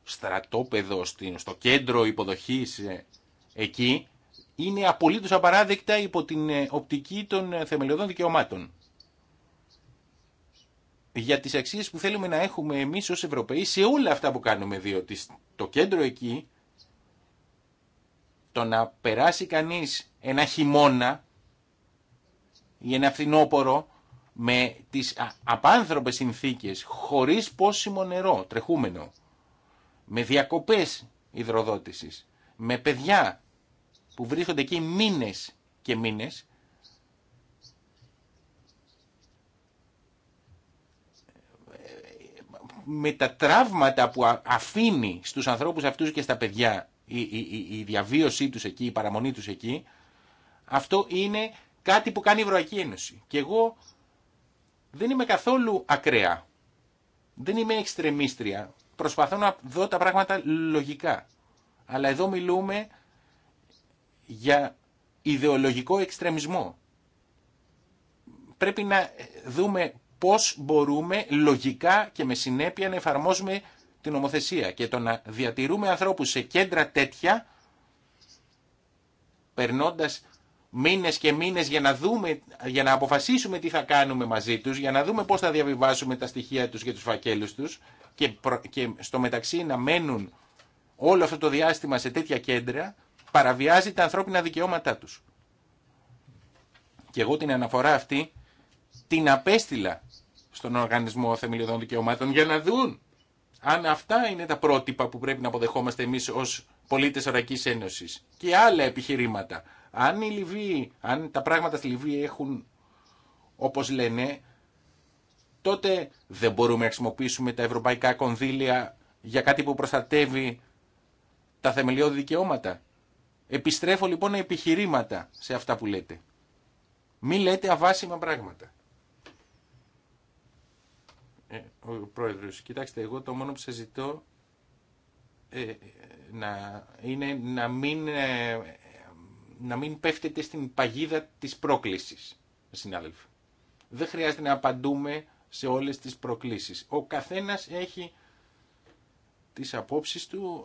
στρατόπεδο, στο κέντρο υποδοχής ε, εκεί είναι απολύτως απαράδεκτα υπό την ε, οπτική των ε, θεμελιωδών δικαιωμάτων για τις αξίες που θέλουμε να έχουμε εμείς ως Ευρωπαίοι σε όλα αυτά που κάνουμε, διότι το κέντρο εκεί το να περάσει κανείς ένα χειμώνα ή ένα φθινόπορο με τις απάνθρωπες συνθήκες, χωρίς πόσιμο νερό, τρεχούμενο, με διακοπές υδροδότησης, με παιδιά που βρίσκονται εκεί μήνες και μήνες, με τα τραύματα που αφήνει στους ανθρώπους αυτούς και στα παιδιά η, διαβίωσή τους εκεί, η παραμονή τους εκεί, αυτό είναι κάτι που κάνει η Ευρωπαϊκή Ένωση. Και εγώ δεν είμαι καθόλου ακραία. Δεν είμαι εξτρεμίστρια. Προσπαθώ να δω τα πράγματα λογικά. Αλλά εδώ μιλούμε για ιδεολογικό εξτρεμισμό. Πρέπει να δούμε πώς μπορούμε λογικά και με συνέπεια να εφαρμόζουμε την ομοθεσία και το να διατηρούμε ανθρώπους σε κέντρα τέτοια περνώντας μήνες και μήνες για να, δούμε, για να αποφασίσουμε τι θα κάνουμε μαζί τους, για να δούμε πώς θα διαβιβάσουμε τα στοιχεία τους και τους φακέλους τους και, και στο μεταξύ να μένουν όλο αυτό το διάστημα σε τέτοια κέντρα παραβιάζει τα ανθρώπινα δικαιώματά τους. Και εγώ την αναφορά αυτή την απέστειλα στον Οργανισμό Θεμελιωδών Δικαιωμάτων για να δουν αν αυτά είναι τα πρότυπα που πρέπει να αποδεχόμαστε εμείς ως πολίτες Ευρωπαϊκής Ένωσης και άλλα επιχειρήματα. Αν, η αν τα πράγματα στη Λιβύη έχουν, όπως λένε, τότε δεν μπορούμε να χρησιμοποιήσουμε τα ευρωπαϊκά κονδύλια για κάτι που προστατεύει τα θεμελιώδη δικαιώματα. Επιστρέφω λοιπόν επιχειρήματα σε αυτά που λέτε. Μη λέτε αβάσιμα πράγματα. Ε, ο πρόεδρος. Κοιτάξτε, εγώ το μόνο που σας ζητώ ε, είναι να μην, ε, να μην πέφτετε στην παγίδα της πρόκλησης, συνάδελφοι. Δεν χρειάζεται να απαντούμε σε όλες τις προκλήσεις. Ο καθένας έχει τις απόψεις του,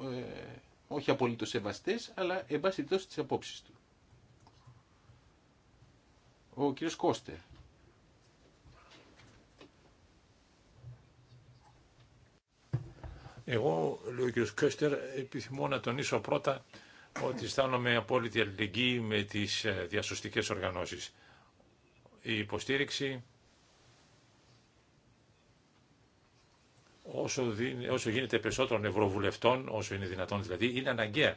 όχι απολύτως σεβαστές, αλλά εμπασιτός τις απόψεις του.
Ο κύριος Κώστερ. Εγώ, λέει ο κ. Κέστερ, επιθυμώ να τονίσω πρώτα ότι αισθάνομαι απόλυτη αλληλεγγύη με τις ε, διασωστικές οργανώσεις. Η υποστήριξη όσο, όσο γίνεται περισσότερων ευρωβουλευτών, όσο είναι δυνατόν δηλαδή, είναι αναγκαία.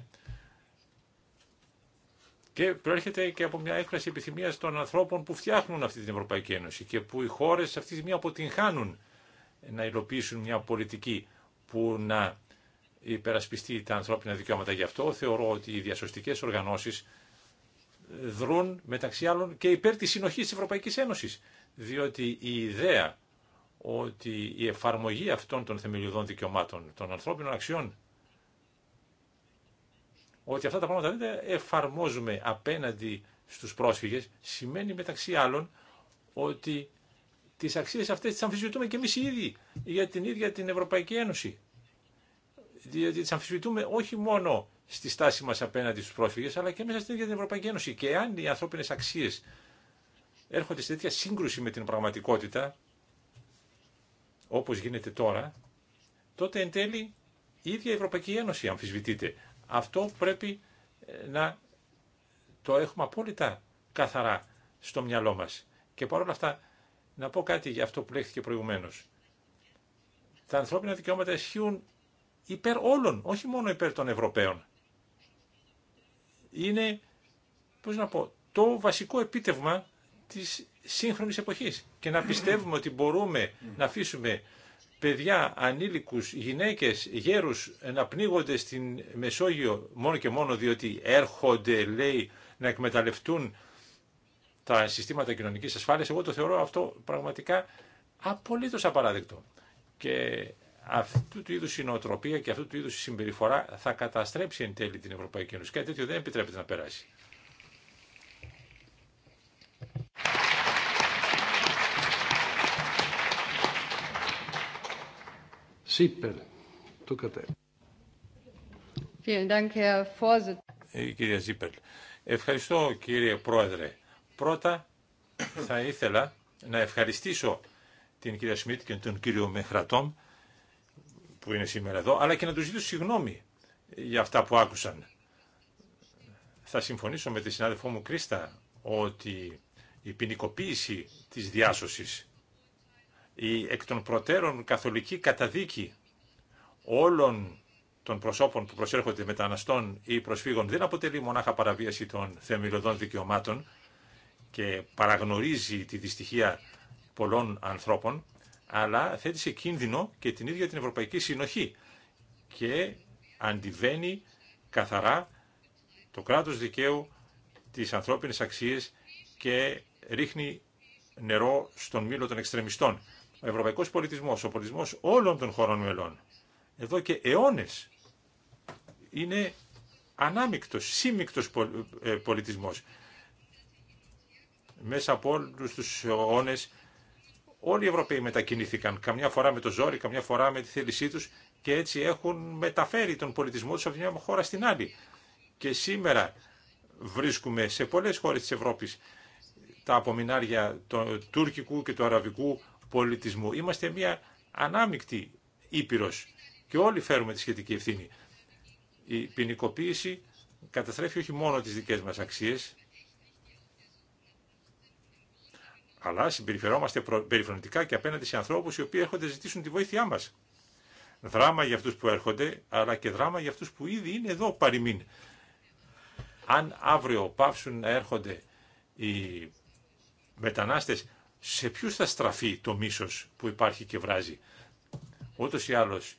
Και προέρχεται και από μια έκφραση επιθυμίας των ανθρώπων που φτιάχνουν αυτή την Ευρωπαϊκή Ένωση και που οι χώρες αυτή τη στιγμή αποτυγχάνουν να υλοποιήσουν μια πολιτική που να υπερασπιστεί τα ανθρώπινα δικαιώματα. Γι' αυτό θεωρώ ότι οι διασωστικές οργανώσεις δρούν μεταξύ άλλων και υπέρ της συνοχής της Ευρωπαϊκής Ένωσης. Διότι η ιδέα ότι η εφαρμογή αυτών των θεμελιωδών δικαιωμάτων, των ανθρώπινων αξιών, ότι αυτά τα πράγματα δεν εφαρμόζουμε απέναντι στους πρόσφυγες, σημαίνει μεταξύ άλλων ότι τις αξίε αυτέ τι αμφισβητούμε και εμεί οι ίδιοι για την ίδια την Ευρωπαϊκή Ένωση. Διότι τι αμφισβητούμε όχι μόνο στη στάση μα απέναντι στους πρόσφυγε, αλλά και μέσα στην ίδια την Ευρωπαϊκή Ένωση. Και αν οι ανθρώπινες αξίε έρχονται σε τέτοια σύγκρουση με την πραγματικότητα, όπω γίνεται τώρα, τότε εν τέλει η ίδια η Ευρωπαϊκή Ένωση αμφισβητείται. Αυτό πρέπει ε, να το έχουμε απόλυτα καθαρά στο μυαλό μα. Και παρόλα αυτά να πω κάτι για αυτό που λέχθηκε προηγουμένως. Τα ανθρώπινα δικαιώματα ισχύουν υπέρ όλων, όχι μόνο υπέρ των Ευρωπαίων. Είναι, πώς να πω, το βασικό επίτευγμα της σύγχρονης εποχής. Και να πιστεύουμε ότι μπορούμε να αφήσουμε παιδιά, ανήλικους, γυναίκες, γέρους να πνίγονται στην Μεσόγειο μόνο και μόνο διότι έρχονται, λέει, να εκμεταλλευτούν τα συστήματα κοινωνική ασφάλειας, εγώ το θεωρώ αυτό πραγματικά απολύτω απαράδεκτο. Και αυτού του είδου η νοοτροπία και αυτού του είδους η συμπεριφορά θα καταστρέψει εν τέλει την Ευρωπαϊκή Ένωση. Κάτι τέτοιο δεν επιτρέπεται να περάσει.
Σύπερ, το
Ευχαριστώ κύριε Πρόεδρε. Πρώτα θα ήθελα να ευχαριστήσω την κυρία Σμιτ και τον κύριο Μεχρατόμ που είναι σήμερα εδώ, αλλά και να τους ζητήσω συγγνώμη για αυτά που άκουσαν. Θα συμφωνήσω με τη συνάδελφό μου Κρίστα ότι η ποινικοποίηση της διάσωσης, η εκ των προτέρων καθολική καταδίκη όλων των προσώπων που προσέρχονται μεταναστών ή προσφύγων δεν αποτελεί μονάχα παραβίαση των θεμελιωδών δικαιωμάτων, και παραγνωρίζει τη δυστυχία πολλών ανθρώπων, αλλά θέτει σε κίνδυνο και την ίδια την Ευρωπαϊκή Συνοχή και αντιβαίνει καθαρά το κράτος δικαίου, της ανθρώπινης αξίες και ρίχνει νερό στον μήλο των εξτρεμιστών. Ο ευρωπαϊκός πολιτισμός, ο πολιτισμός όλων των χωρών μελών, εδώ και αιώνες είναι ανάμεικτος, σύμμικτος ε, πολιτισμός μέσα από όλου τους αιώνε όλοι οι Ευρωπαίοι μετακινήθηκαν, καμιά φορά με το ζόρι, καμιά φορά με τη θέλησή του και έτσι έχουν μεταφέρει τον πολιτισμό τους από μια χώρα στην άλλη. Και σήμερα βρίσκουμε σε πολλές χώρες της Ευρώπης τα απομεινάρια του τουρκικού και του αραβικού πολιτισμού. Είμαστε μια ανάμεικτη ήπειρο και όλοι φέρουμε τη σχετική ευθύνη. Η ποινικοποίηση καταστρέφει όχι μόνο τις δικές μας αξίες, αλλά συμπεριφερόμαστε περιφρονητικά και απέναντι σε ανθρώπους οι οποίοι έρχονται να ζητήσουν τη βοήθειά μας. Δράμα για αυτούς που έρχονται, αλλά και δράμα για αυτούς που ήδη είναι εδώ παροιμήν. Αν αύριο πάψουν να έρχονται οι μετανάστες, σε ποιους θα στραφεί το μίσος που υπάρχει και βράζει. Ότως ή άλλως,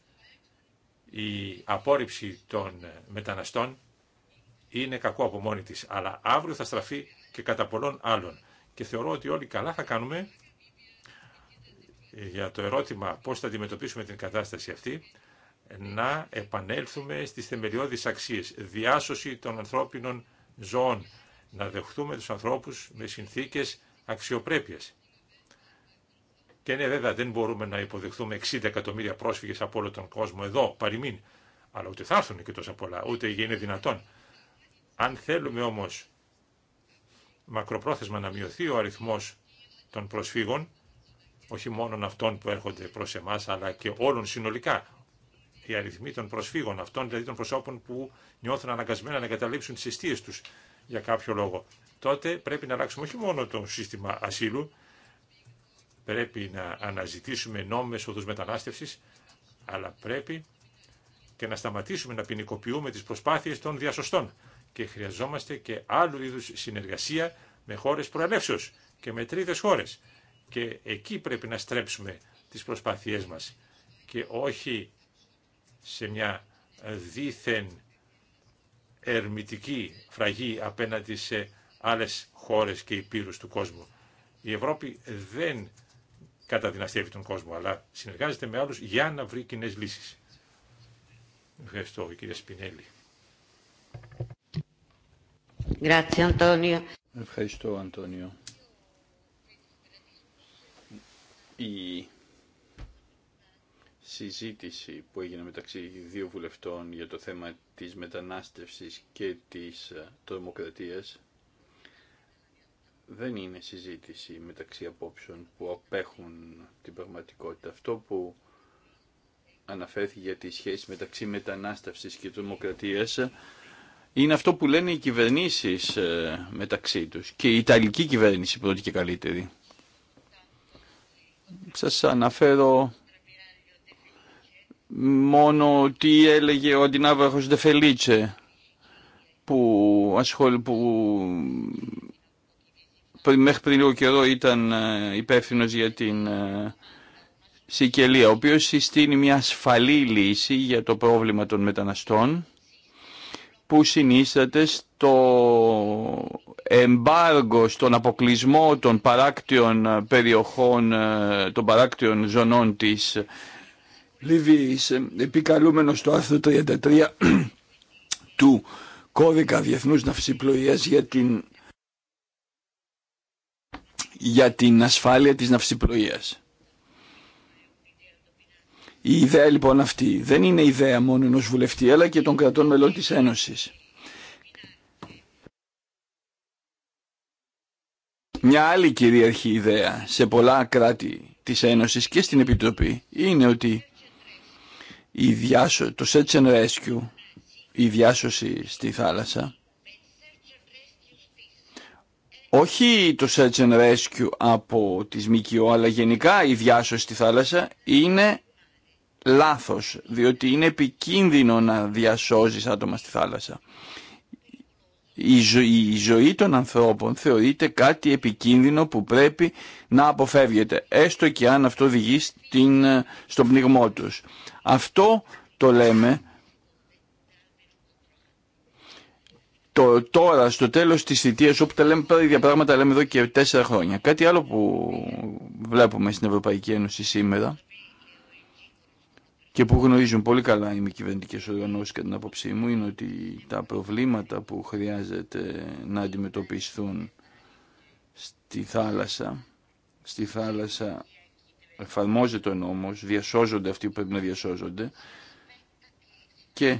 η αλλω η απορριψη των μεταναστών είναι κακό από μόνη της, αλλά αύριο θα στραφεί και κατά πολλών άλλων και θεωρώ ότι όλοι καλά θα κάνουμε ε, για το ερώτημα πώς θα αντιμετωπίσουμε την κατάσταση αυτή, να επανέλθουμε στις θεμελιώδεις αξίες, διάσωση των ανθρώπινων ζώων, να δεχτούμε τους ανθρώπους με συνθήκες αξιοπρέπειας. Και ναι, βέβαια, δεν μπορούμε να υποδεχθούμε 60 εκατομμύρια πρόσφυγες από όλο τον κόσμο εδώ, παροιμήν, αλλά ούτε θα έρθουν και τόσα πολλά, ούτε είναι δυνατόν. Αν θέλουμε όμως μακροπρόθεσμα να μειωθεί ο αριθμός των προσφύγων, όχι μόνο αυτών που έρχονται προς εμάς, αλλά και όλων συνολικά. Οι αριθμοί των προσφύγων, αυτών δηλαδή των προσώπων που νιώθουν αναγκασμένα να εγκαταλείψουν τις αιστείες τους για κάποιο λόγο. Τότε πρέπει να αλλάξουμε όχι μόνο το σύστημα ασύλου, πρέπει να αναζητήσουμε νόμιμες οδούς μετανάστευσης, αλλά πρέπει και να σταματήσουμε να ποινικοποιούμε τις προσπάθειες των διασωστών και χρειαζόμαστε και άλλου είδους συνεργασία με χώρες προελεύσεως και με τρίτες χώρες. Και εκεί πρέπει να στρέψουμε τις προσπάθειές μας και όχι σε μια δίθεν ερμητική φραγή απέναντι σε άλλες χώρες και υπήρους του κόσμου. Η Ευρώπη δεν καταδυναστεύει τον κόσμο, αλλά συνεργάζεται με άλλους για να βρει κοινέ λύσεις. Ευχαριστώ, κύριε Σπινέλη.
Ευχαριστώ, Αντώνιο. Η συζήτηση που έγινε μεταξύ δύο βουλευτών για το θέμα της μετανάστευσης και της ε, τρομοκρατίας δεν είναι συζήτηση μεταξύ απόψεων που απέχουν την πραγματικότητα. Αυτό που αναφέρθηκε για τη σχέση μεταξύ μετανάστευσης και τρομοκρατίας είναι αυτό που λένε οι κυβερνήσεις ε, μεταξύ τους και η Ιταλική κυβέρνηση πρώτη και καλύτερη. Σας αναφέρω μόνο τι έλεγε ο αντινάβαρχος Δεφελίτσε που, ασχολ, που μέχρι πριν λίγο καιρό ήταν ε, υπεύθυνο για την ε, Σικελία, ο οποίος συστήνει μια ασφαλή λύση για το πρόβλημα των μεταναστών που συνίσταται στο εμπάργο, στον αποκλεισμό των παράκτιων ε, περιοχών, ε, των παράκτιων ζωνών της Λιβύης, ε, επικαλούμενο στο άρθρο 33 του κώδικα διεθνούς ναυσιπλοείας για την, για την ασφάλεια της ναυσιπλοείας. Η ιδέα λοιπόν αυτή δεν είναι ιδέα μόνο ενός βουλευτή αλλά και των κρατών μελών της Ένωσης. Μια άλλη κυρίαρχη ιδέα σε πολλά κράτη της Ένωσης και στην Επιτροπή είναι ότι η διάσω, το Search and Rescue, η διάσωση στη θάλασσα, όχι το Search and Rescue από τις ΜΚΟ, αλλά γενικά η διάσωση στη θάλασσα είναι λάθος, διότι είναι επικίνδυνο να διασώζεις άτομα στη θάλασσα. Η, ζωή των ανθρώπων θεωρείται κάτι επικίνδυνο που πρέπει να αποφεύγεται, έστω και αν αυτό οδηγεί στην, στον πνιγμό τους. Αυτό το λέμε το, τώρα στο τέλος της θητείας όπου τα λέμε πέρα πράγματα λέμε εδώ και τέσσερα χρόνια. Κάτι άλλο που βλέπουμε στην Ευρωπαϊκή Ένωση σήμερα και που γνωρίζουν πολύ καλά οι μη κυβερνητικέ οργανώσει κατά την άποψή μου είναι ότι τα προβλήματα που χρειάζεται να αντιμετωπιστούν στη θάλασσα, στη θάλασσα εφαρμόζεται ο νόμος, διασώζονται αυτοί που πρέπει να διασώζονται και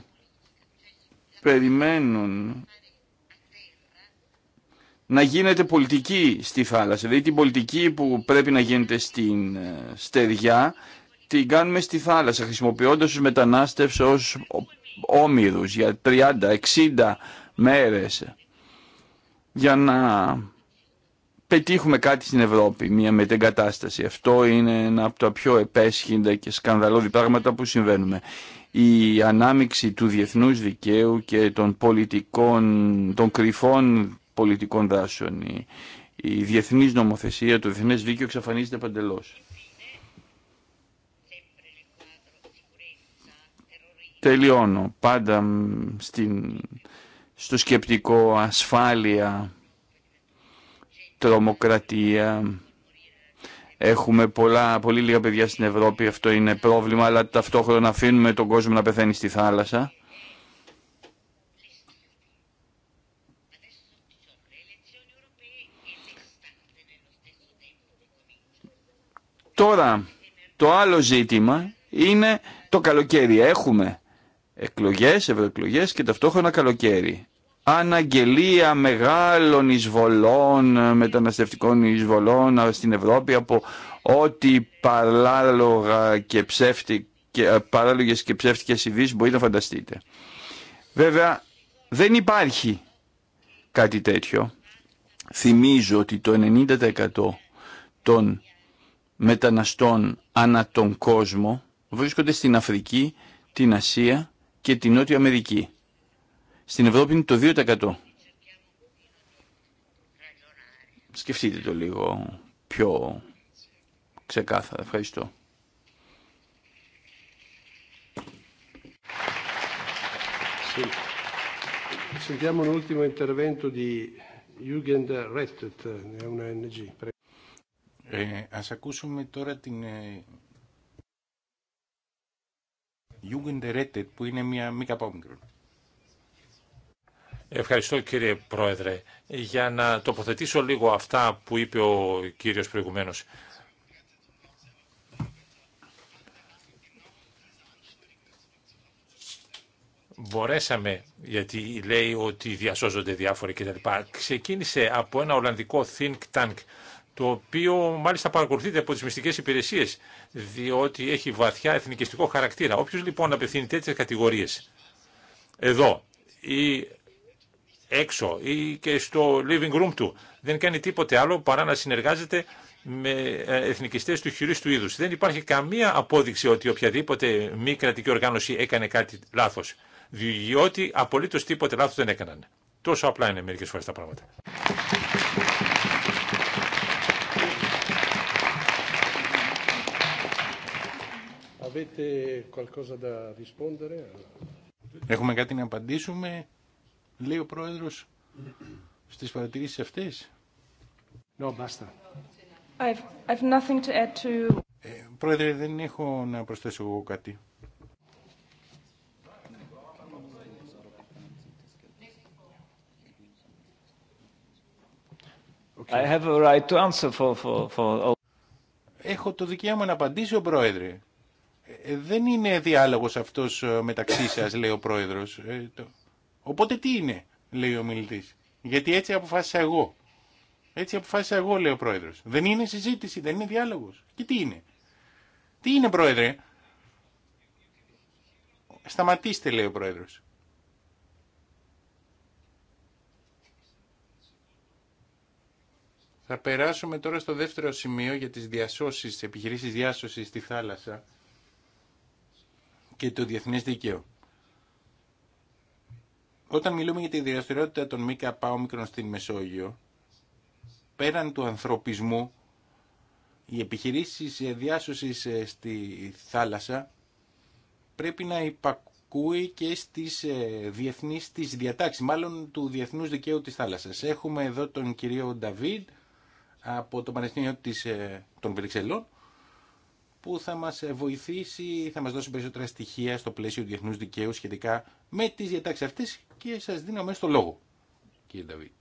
περιμένουν να γίνεται πολιτική στη θάλασσα. Δηλαδή την πολιτική που πρέπει να γίνεται στην ε, στεριά την κάνουμε στη θάλασσα, χρησιμοποιώντας τους μετανάστευς ως όμοιρους για 30-60 μέρες για να πετύχουμε κάτι στην Ευρώπη, μια μετεγκατάσταση. Αυτό είναι ένα από τα πιο επέσχυντα και σκανδαλώδη πράγματα που συμβαίνουμε. Η ανάμειξη του διεθνούς δικαίου και των, πολιτικών, των κρυφών πολιτικών δράσεων, η, η διεθνής νομοθεσία, το διεθνές δίκαιο εξαφανίζεται παντελώς. τελειώνω πάντα στην, στο σκεπτικό ασφάλεια, τρομοκρατία. Έχουμε πολλά, πολύ λίγα παιδιά στην Ευρώπη, αυτό είναι πρόβλημα, αλλά ταυτόχρονα αφήνουμε τον κόσμο να πεθαίνει στη θάλασσα. Τώρα, το άλλο ζήτημα είναι το καλοκαίρι. Έχουμε εκλογές, ευρωεκλογές και ταυτόχρονα καλοκαίρι. Αναγγελία μεγάλων εισβολών, μεταναστευτικών εισβολών ε, στην Ευρώπη από ό,τι παράλογα και ψεύτικα ε, παράλογες και ψεύτικες ειδήσει μπορείτε να φανταστείτε. Βέβαια δεν υπάρχει κάτι τέτοιο. Θυμίζω ότι το 90% των μεταναστών ανά τον κόσμο βρίσκονται στην Αφρική, την Ασία και τη Νότια Αμερική. Στην Ευρώπη είναι το 2%. Σκεφτείτε το λίγο πιο ξεκάθαρα. Ευχαριστώ.
Sentiamo ε, ας ακούσουμε τώρα την ε, Rettet, που είναι μια μη
Ευχαριστώ κύριε Πρόεδρε. Για να τοποθετήσω λίγο αυτά που είπε ο κύριος προηγουμένως. μπορέσαμε, γιατί λέει ότι διασώζονται διάφοροι κτλ. Ξεκίνησε από ένα Ολλανδικό think tank το οποίο μάλιστα παρακολουθείται από τις μυστικές υπηρεσίες, διότι έχει βαθιά εθνικιστικό χαρακτήρα. Όποιο λοιπόν απευθύνει τέτοιες κατηγορίες, εδώ ή έξω ή και στο living room του, δεν κάνει τίποτε άλλο παρά να συνεργάζεται με ε, εθνικιστές του χειρίστου είδους. Δεν υπάρχει καμία απόδειξη ότι οποιαδήποτε μη κρατική οργάνωση έκανε κάτι λάθος, διότι απολύτως τίποτε λάθος δεν έκαναν. Τόσο απλά είναι μερικές φορές τα πράγματα. Avete qualcosa da rispondere?
Έχουμε κάτι να απαντήσουμε, λέει ο Πρόεδρος, στις παρατηρήσεις αυτές. No, basta.
I've, I've nothing to add to... Ε,
πρόεδρε, δεν έχω να προσθέσω εγώ κάτι.
Okay. I have a right to answer
for, for, for... Έχω το δικαίωμα να απαντήσω, Πρόεδρε. Ε, δεν είναι διάλογος αυτός ε, μεταξύ σας, λέει ο πρόεδρος. Ε, Οπότε τι είναι, λέει ο μιλητής. Γιατί έτσι αποφάσισα εγώ. Έτσι αποφάσισα εγώ, λέει ο πρόεδρος. Δεν είναι συζήτηση, δεν είναι διάλογος. Και τι είναι. Τι είναι, πρόεδρε. Σταματήστε, λέει ο πρόεδρος. Θα περάσουμε τώρα στο δεύτερο σημείο για τις διασώσεις, επιχειρήσεις διάσωσης στη θάλασσα και το διεθνέ δικαίο. Όταν μιλούμε για τη δραστηριότητα των ΜΚΑΟΜΚΡΟΝ στην Μεσόγειο, πέραν του ανθρωπισμού, οι επιχειρήσεις διάσωσης ε, στη θάλασσα πρέπει να υπακούει και στις ε, διεθνείς της διατάξεις, μάλλον του διεθνούς δικαίου της θάλασσας. Έχουμε εδώ τον κύριο Νταβίδ από το Πανεπιστήμιο ε, των Βρυξελών, που θα μας βοηθήσει, θα μας δώσει περισσότερα στοιχεία στο πλαίσιο του διεθνούς δικαίου σχετικά με τις διατάξεις αυτές και σας δίνω μέσα το λόγο, κύριε Νταβί.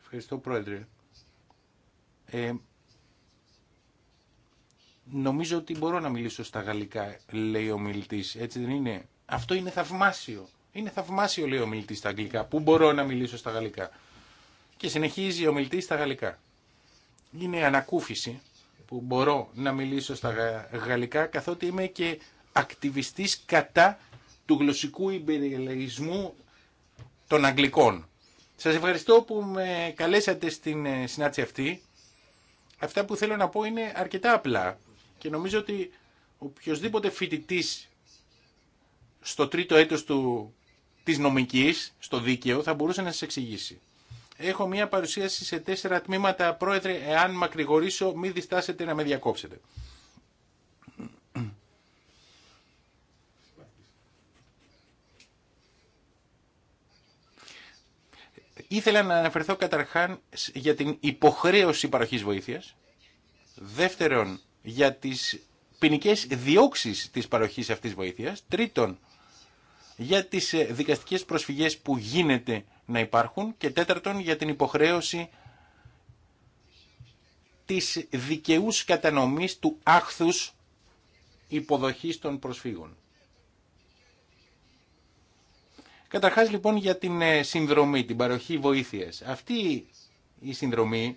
Ευχαριστώ, Πρόεδρε. Ε, νομίζω ότι μπορώ να μιλήσω στα γαλλικά, λέει ο μιλητής. Έτσι δεν είναι. Αυτό είναι θαυμάσιο. Είναι θαυμάσιο, λέει ο μιλητή στα αγγλικά. Πού μπορώ να μιλήσω στα γαλλικά. Και συνεχίζει ο μιλητής στα γαλλικά. Είναι ανακούφιση που μπορώ να μιλήσω στα γαλλικά καθότι είμαι και ακτιβιστής κατά του γλωσσικού υπερελεγισμού των Αγγλικών. Σας ευχαριστώ που με καλέσατε στην ε, συνάντηση αυτή. Αυτά που θέλω να πω είναι αρκετά απλά και νομίζω ότι οποιοδήποτε φοιτητή στο τρίτο έτος του, της νομικής, στο δίκαιο, θα μπορούσε να σας εξηγήσει. Έχω μία παρουσίαση σε τέσσερα τμήματα. Πρόεδρε, εάν μακρηγορήσω, μην διστάσετε να με διακόψετε. Ήθελα να αναφερθώ καταρχάν για την υποχρέωση παροχής βοήθειας. Δεύτερον, για τις ποινικέ διώξεις της παροχής αυτής βοήθειας. Τρίτον, για τις ε, δικαστικές προσφυγές που γίνεται να υπάρχουν και τέταρτον για την υποχρέωση της δικαιούς κατανομής του άχθους υποδοχής των προσφύγων. Καταρχάς λοιπόν για την ε, συνδρομή, την παροχή βοήθειας. Αυτή η συνδρομή,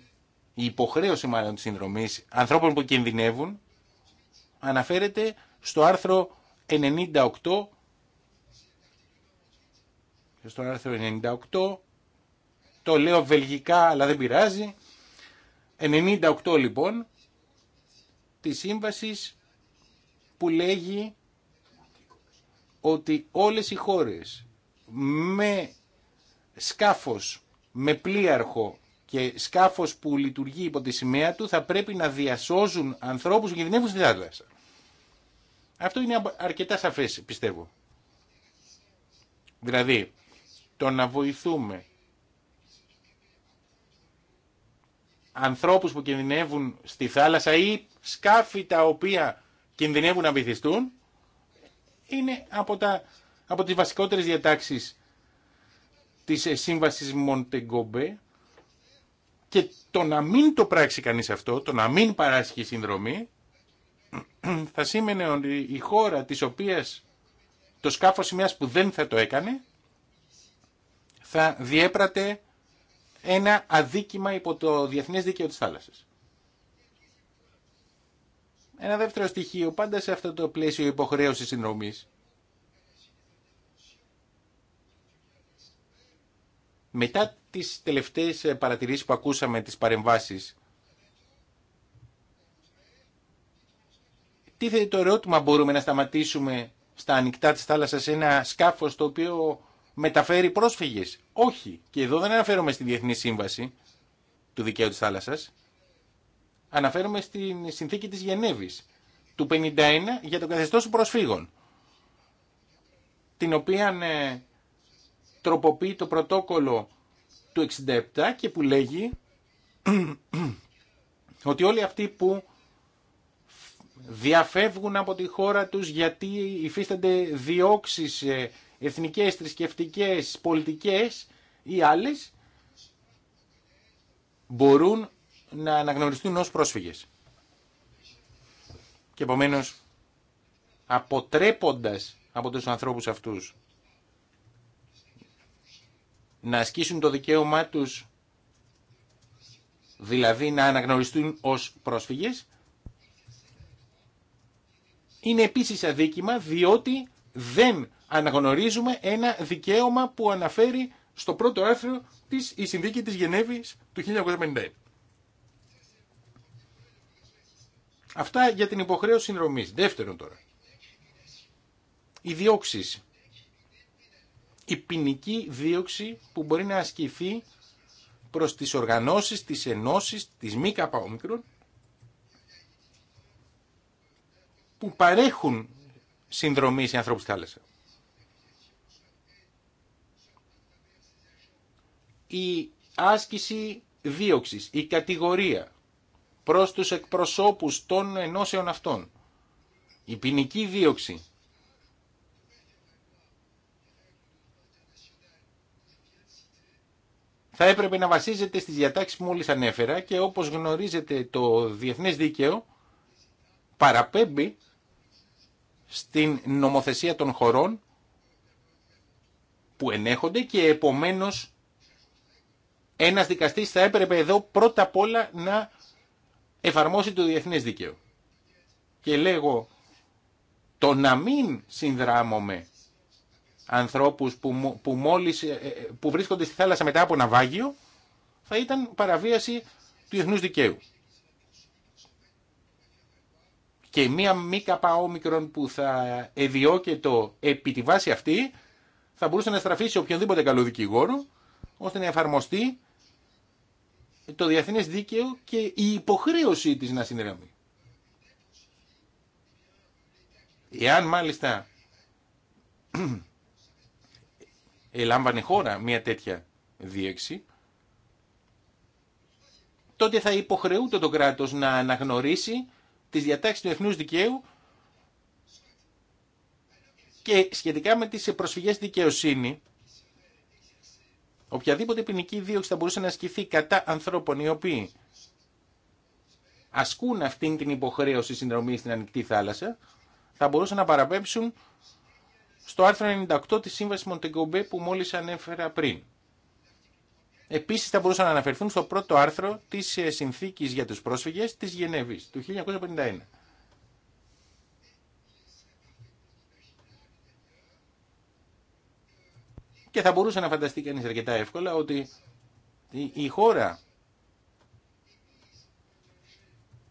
η υποχρέωση μάλλον της συνδρομής ανθρώπων που κινδυνεύουν αναφέρεται στο άρθρο 98 στο άρθρο 98, το λέω βελγικά αλλά δεν πειράζει, 98 λοιπόν, τη σύμβαση που λέγει ότι όλες οι χώρες με σκάφος, με πλοίαρχο και σκάφος που λειτουργεί υπό τη σημαία του θα πρέπει να διασώζουν ανθρώπους που κινδυνεύουν στη θάλασσα. Αυτό είναι αρκετά σαφές πιστεύω. Δηλαδή, το να βοηθούμε ανθρώπους που κινδυνεύουν στη θάλασσα ή σκάφη τα οποία κινδυνεύουν να βυθιστούν είναι από, τα, από τις βασικότερες διατάξεις της σύμβασης Μοντεγκόμπε και το να μην το πράξει κανείς αυτό, το να μην παράσχει συνδρομή θα σήμαινε ότι η χώρα της οποίας το σκάφος μιας που δεν θα το έκανε θα διέπρατε ένα αδίκημα υπό το διεθνές δίκαιο της θάλασσας. Ένα δεύτερο στοιχείο, πάντα σε αυτό το πλαίσιο υποχρέωσης συνδρομής, μετά τις τελευταίες παρατηρήσεις που ακούσαμε τις παρεμβάσεις, τίθεται το ερώτημα μπορούμε να σταματήσουμε στα ανοιχτά της θάλασσας ένα σκάφος το οποίο μεταφέρει πρόσφυγες. Όχι. Και εδώ δεν αναφέρομαι στη Διεθνή Σύμβαση του Δικαίου τη θάλασσα, Αναφέρομαι στην συνθήκη της Γενέβης του 1951 για το καθεστώς προσφύγων. Την οποία ε, τροποποιεί το πρωτόκολλο του 67 και που λέγει ότι όλοι αυτοί που διαφεύγουν από τη χώρα τους γιατί υφίστανται διώξεις ε, εθνικές, θρησκευτικέ, πολιτικές ή άλλες μπορούν να αναγνωριστούν ως πρόσφυγες. Και επομένω αποτρέποντας από τους ανθρώπους αυτούς να ασκήσουν το δικαίωμά τους δηλαδή να αναγνωριστούν ως πρόσφυγες είναι επίσης αδίκημα διότι δεν αναγνωρίζουμε ένα δικαίωμα που αναφέρει στο πρώτο άρθρο της η συνδίκη της Γενέβης του 1951. Αυτά για την υποχρέωση συνδρομής. Δεύτερον τώρα. Οι διώξεις. Η ποινική δίωξη που μπορεί να ασκηθεί προς τις οργανώσεις, τις ενώσεις, της μη καπαόμικρων που παρέχουν συνδρομή σε Η άσκηση δίωξης, η κατηγορία προς τους εκπροσώπους των ενώσεων αυτών, η ποινική δίωξη, θα έπρεπε να βασίζεται στις διατάξεις που μόλις ανέφερα και όπως γνωρίζετε το διεθνές δίκαιο παραπέμπει στην νομοθεσία των χωρών που ενέχονται και επομένως ένας δικαστής θα έπρεπε εδώ πρώτα απ' όλα να εφαρμόσει το διεθνές δίκαιο. Και λέγω το να μην συνδράμουμε ανθρώπους που, που, μόλις, ε, ε, που βρίσκονται στη θάλασσα μετά από ναυάγιο θα ήταν παραβίαση του διεθνούς δικαίου και μία μη καπαόμικρον που θα εδιώκετο επί τη βάση αυτή θα μπορούσε να στραφεί σε οποιονδήποτε καλό δικηγόρο ώστε να εφαρμοστεί το διεθνές δίκαιο και η υποχρέωσή της να συνδραμεί. Εάν μάλιστα ελάμβανε χώρα μια τέτοια δίεξη, τότε θα υποχρεούται το κράτος να αναγνωρίσει τις διατάξει του εθνούς δικαίου και σχετικά με τις προσφυγές δικαιοσύνη, οποιαδήποτε ποινική δίωξη θα μπορούσε να ασκηθεί κατά ανθρώπων οι οποίοι ασκούν αυτήν την υποχρέωση συνδρομή στην ανοιχτή θάλασσα, θα μπορούσαν να παραπέμψουν στο άρθρο 98 της Σύμβασης Μοντεγκομπέ που μόλις ανέφερα πριν. Επίσης θα μπορούσαν να αναφερθούν στο πρώτο άρθρο τη ε, συνθήκη για τους Πρόσφυγες της Γενέβη του 1951. Και θα μπορούσε να φανταστεί κανείς αρκετά εύκολα ότι η χώρα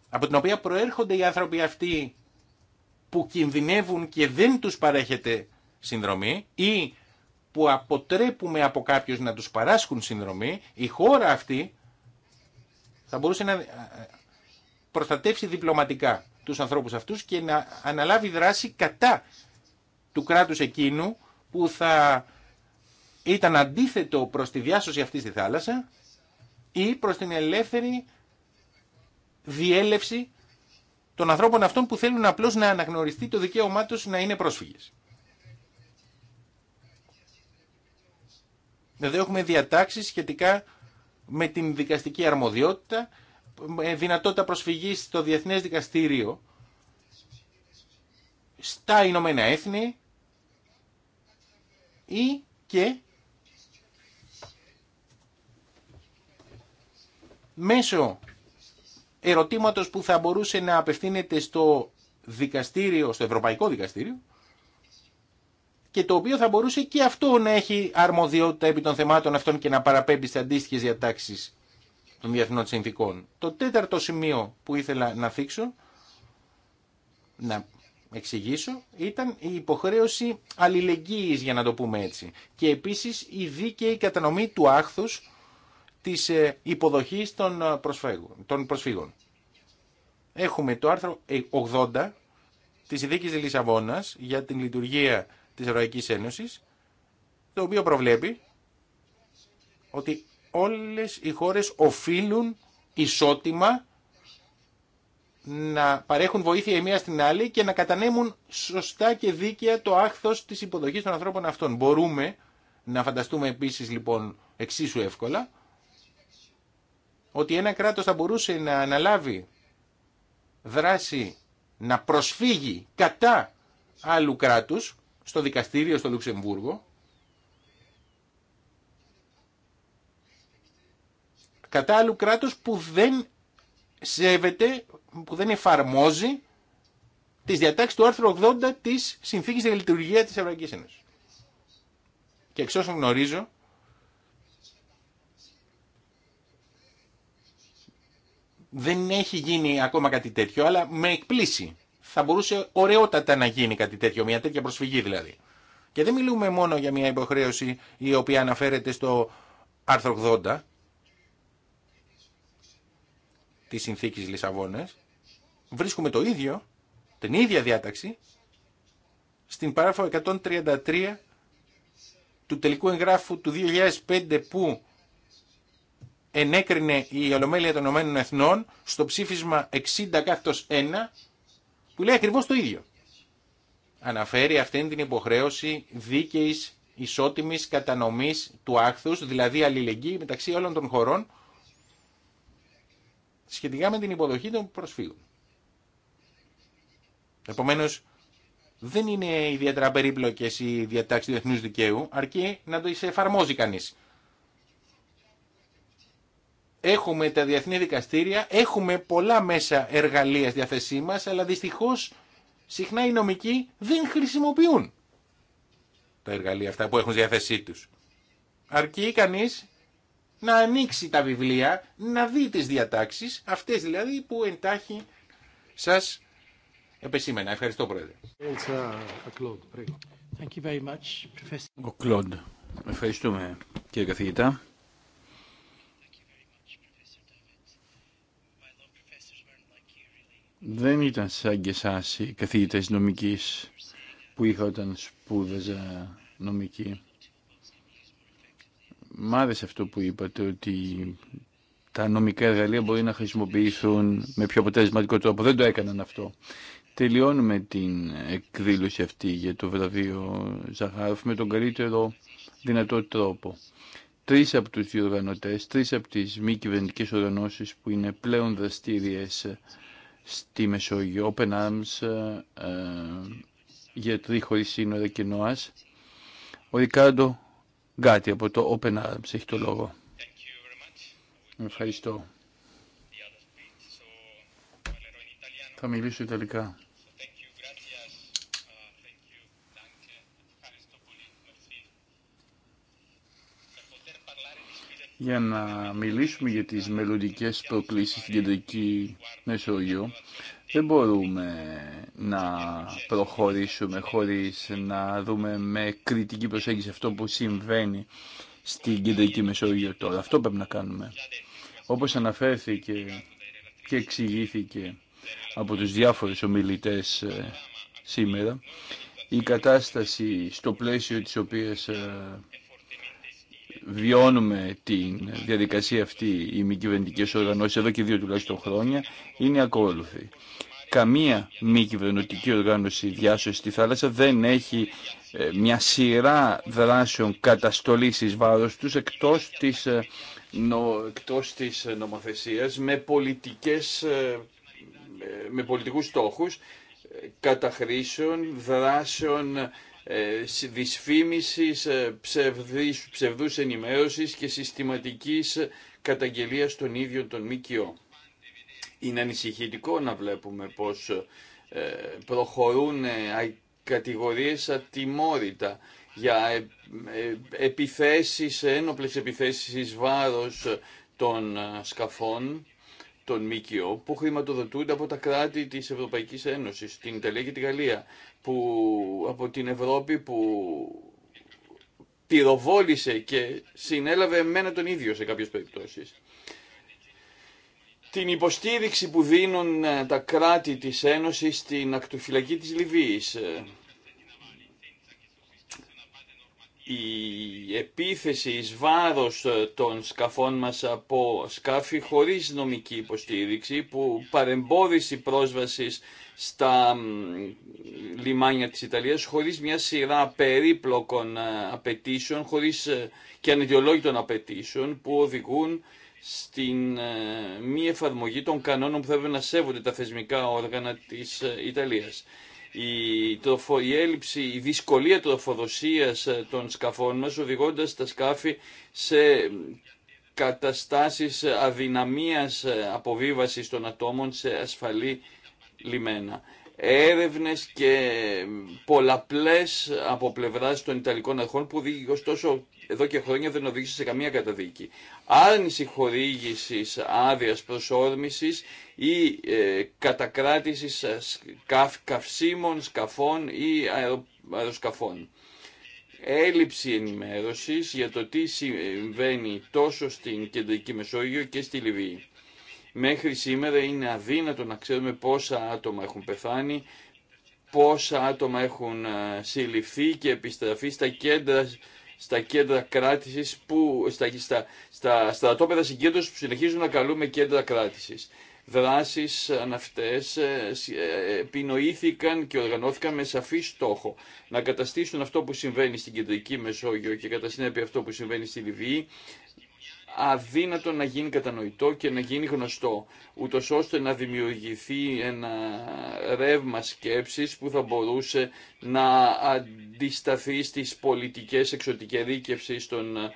από την οποία προέρχονται οι άνθρωποι αυτοί που κινδυνεύουν και δεν τους παρέχεται συνδρομή ή που αποτρέπουμε από κάποιους να τους παράσχουν συνδρομή, η χώρα αυτή θα μπορούσε να ε, προστατεύσει διπλωματικά τους ανθρώπους αυτούς και να αναλάβει δράση κατά του κράτους εκείνου που θα ήταν αντίθετο προς τη διάσωση αυτή στη θάλασσα ή προς την ελεύθερη διέλευση των ανθρώπων αυτών που θέλουν απλώς να αναγνωριστεί το δικαίωμά τους να είναι πρόσφυγες. Δηλαδή έχουμε διατάξεις σχετικά με την δικαστική αρμοδιότητα, δυνατότητα προσφυγής στο Διεθνές Δικαστήριο, στα Ηνωμένα Έθνη ή και μέσω ερωτήματος που θα μπορούσε να απευθύνεται στο δικαστήριο, στο Ευρωπαϊκό Δικαστήριο, και το οποίο θα μπορούσε και αυτό να έχει αρμοδιότητα επί των θεμάτων αυτών και να παραπέμπει σε αντίστοιχε διατάξει των διεθνών συνθήκων. Το τέταρτο σημείο που ήθελα να θίξω, να εξηγήσω, ήταν η υποχρέωση αλληλεγγύης, για να το πούμε έτσι. Και επίσης η δίκαιη κατανομή του άχθους της ε, υποδοχής ε, των, προσφύγων. Έχουμε το άρθρο 80 της Ειδίκης Λισαβόνας για την λειτουργία της Ευρωπαϊκής Ένωσης, το οποίο προβλέπει ότι όλες οι χώρες οφείλουν ισότιμα να παρέχουν βοήθεια η μία στην άλλη και να κατανέμουν σωστά και δίκαια το άχθος της υποδοχής των ανθρώπων αυτών. Μπορούμε να φανταστούμε επίσης λοιπόν εξίσου εύκολα ότι ένα κράτος θα μπορούσε να αναλάβει δράση να προσφύγει κατά άλλου κράτους στο δικαστήριο στο Λουξεμβούργο κατά άλλου κράτους που δεν σέβεται, που δεν εφαρμόζει τις διατάξεις του άρθρου 80 της Συνθήκης για Λειτουργία της Ευρωπαϊκής Ένωσης. Και εξ όσων γνωρίζω, δεν έχει γίνει ακόμα κάτι τέτοιο, αλλά με εκπλήσει θα μπορούσε ωραιότατα να γίνει κάτι τέτοιο, μια τέτοια προσφυγή δηλαδή. Και δεν μιλούμε μόνο για μια υποχρέωση η οποία αναφέρεται στο άρθρο 80 της συνθήκης Λισαβόνας. Βρίσκουμε το ίδιο, την ίδια διάταξη, στην παράφορα 133 του τελικού εγγράφου του 2005 που ενέκρινε η Ολομέλεια των Ηνωμένων Εθνών στο ψήφισμα 60 1 που λέει ακριβώς το ίδιο. Αναφέρει αυτήν την υποχρέωση δίκαιης ισότιμης κατανομής του άχθους, δηλαδή αλληλεγγύη μεταξύ όλων των χωρών, σχετικά με την υποδοχή των προσφύγων. Επομένως, δεν είναι ιδιαίτερα περίπλοκες οι διατάξει του δικαίου, αρκεί να το εφαρμόζει κανείς. Έχουμε τα διεθνή δικαστήρια, έχουμε πολλά μέσα εργαλεία στη διάθεσή μα, αλλά δυστυχώς συχνά οι νομικοί δεν χρησιμοποιούν τα εργαλεία αυτά που έχουν στη διάθεσή τους. Αρκεί κανεί να ανοίξει τα βιβλία, να δει τι διατάξεις, αυτές δηλαδή που εντάχει σας επεσήμενα. Ευχαριστώ Πρόεδρε. Ο Κλοντ.
Ευχαριστούμε κύριε καθηγητά. δεν ήταν σαν και εσάς οι καθηγητές νομικής που είχα όταν σπούδαζα νομική. Μ' άρεσε αυτό που είπατε ότι τα νομικά εργαλεία μπορεί να χρησιμοποιηθούν με πιο αποτελεσματικό τρόπο. Δεν το έκαναν αυτό. Τελειώνουμε την εκδήλωση αυτή για το βραβείο Ζαχάροφ με τον καλύτερο δυνατό τρόπο. Τρει από του διοργανωτέ, τρει από τι μη κυβερνητικέ οργανώσει που είναι πλέον δραστηριε στη Μεσόγειο, Open Arms, ε, ε γιατροί χωρίς σύνορα και ΝΟΑΣ. Ο Ρικάρντο Γκάτι από το Open Arms έχει το λόγο. Ευχαριστώ. Θα μιλήσω Ιταλικά. για να μιλήσουμε για τις μελλοντικέ προκλήσεις στην κεντρική Μεσόγειο, δεν μπορούμε να προχωρήσουμε χωρίς να δούμε με κριτική προσέγγιση αυτό που συμβαίνει στην κεντρική Μεσόγειο τώρα. Αυτό πρέπει να κάνουμε. Όπως αναφέρθηκε και εξηγήθηκε από τους διάφορους ομιλητές ε, σήμερα, η κατάσταση στο πλαίσιο της οποίας ε, βιώνουμε τη διαδικασία αυτή οι μη κυβερνητικέ οργανώσει εδώ και δύο τουλάχιστον χρόνια είναι ακόλουθη. Καμία μη κυβερνητική οργάνωση διάσωση στη θάλασσα δεν έχει ε, μια σειρά δράσεων καταστολή εις βάρος τους εκτός της, ε, εκτός της ε, νομοθεσίας με, πολιτικές, με πολιτικούς στόχους καταχρήσεων, δράσεων ε, δυσφήμισης, ε, ψευδής, ψευδούς ενημέρωσης και συστηματικής καταγγελίας των ίδιων των ΜΚΟ. Είναι ανησυχητικό να βλέπουμε πως ε, προχωρούν κατηγορίες ατιμόρυτα για επιθέσεις, ένοπλες επιθέσεις εις βάρος των σκαφών των ΜΚΟ που χρηματοδοτούνται από τα κράτη της Ευρωπαϊκής Ένωσης, την Ιταλία και τη Γαλλία που, από την Ευρώπη που πυροβόλησε και συνέλαβε εμένα τον ίδιο σε κάποιες περιπτώσεις. Την υποστήριξη που δίνουν ε, τα κράτη της Ένωσης στην ακτοφυλακή της Λιβύης. Ε, η επίθεση εις βάρος ε, των σκαφών μας από σκάφη χωρίς νομική υποστήριξη που παρεμπόδισε πρόσβασης στα λιμάνια της Ιταλίας χωρίς μια σειρά περίπλοκων ε, απαιτήσεων χωρίς ε, και ανιδιολόγητων απαιτήσεων που οδηγούν στην ε, μη εφαρμογή των κανόνων που θα έπρεπε να σέβονται τα θεσμικά όργανα της Ιταλίας. Η, τροφο, η έλλειψη, η δυσκολία τροφοδοσίας των σκαφών μας οδηγώντας τα σκάφη σε καταστάσεις αδυναμίας αποβίβασης των ατόμων σε ασφαλή λιμένα. Έρευνες και πολλαπλές από πλευράς των Ιταλικών αρχών που ωστόσο εδώ και χρόνια δεν οδήγησε σε καμία καταδίκη. Άρνηση χορήγησης άδεια προσόρμησης ή ε, κατακράτησης καυσίμων, σκαφών ή αεροσκαφών. Έλλειψη ενημέρωσης για το τι συμβαίνει τόσο στην Κεντρική Μεσόγειο και στη Λιβύη. Μέχρι σήμερα είναι αδύνατο να ξέρουμε πόσα άτομα έχουν πεθάνει, πόσα άτομα έχουν ε, συλληφθεί και επιστραφεί στα κέντρα, στα κέντρα κράτησης, που, στα, στα, στα στρατόπεδα συγκέντρωση που συνεχίζουν να καλούμε κέντρα κράτησης. Δράσεις αυτές ε, ε, επινοήθηκαν και οργανώθηκαν με σαφή στόχο να καταστήσουν αυτό που συμβαίνει στην Κεντρική Μεσόγειο και κατά συνέπεια αυτό που συμβαίνει στη Λιβύη αδύνατο να γίνει κατανοητό και να γίνει γνωστό, ούτω ώστε να δημιουργηθεί ένα ρεύμα σκέψης που θα μπορούσε να αντισταθεί στις πολιτικές εξωτικερίκευσης των ε,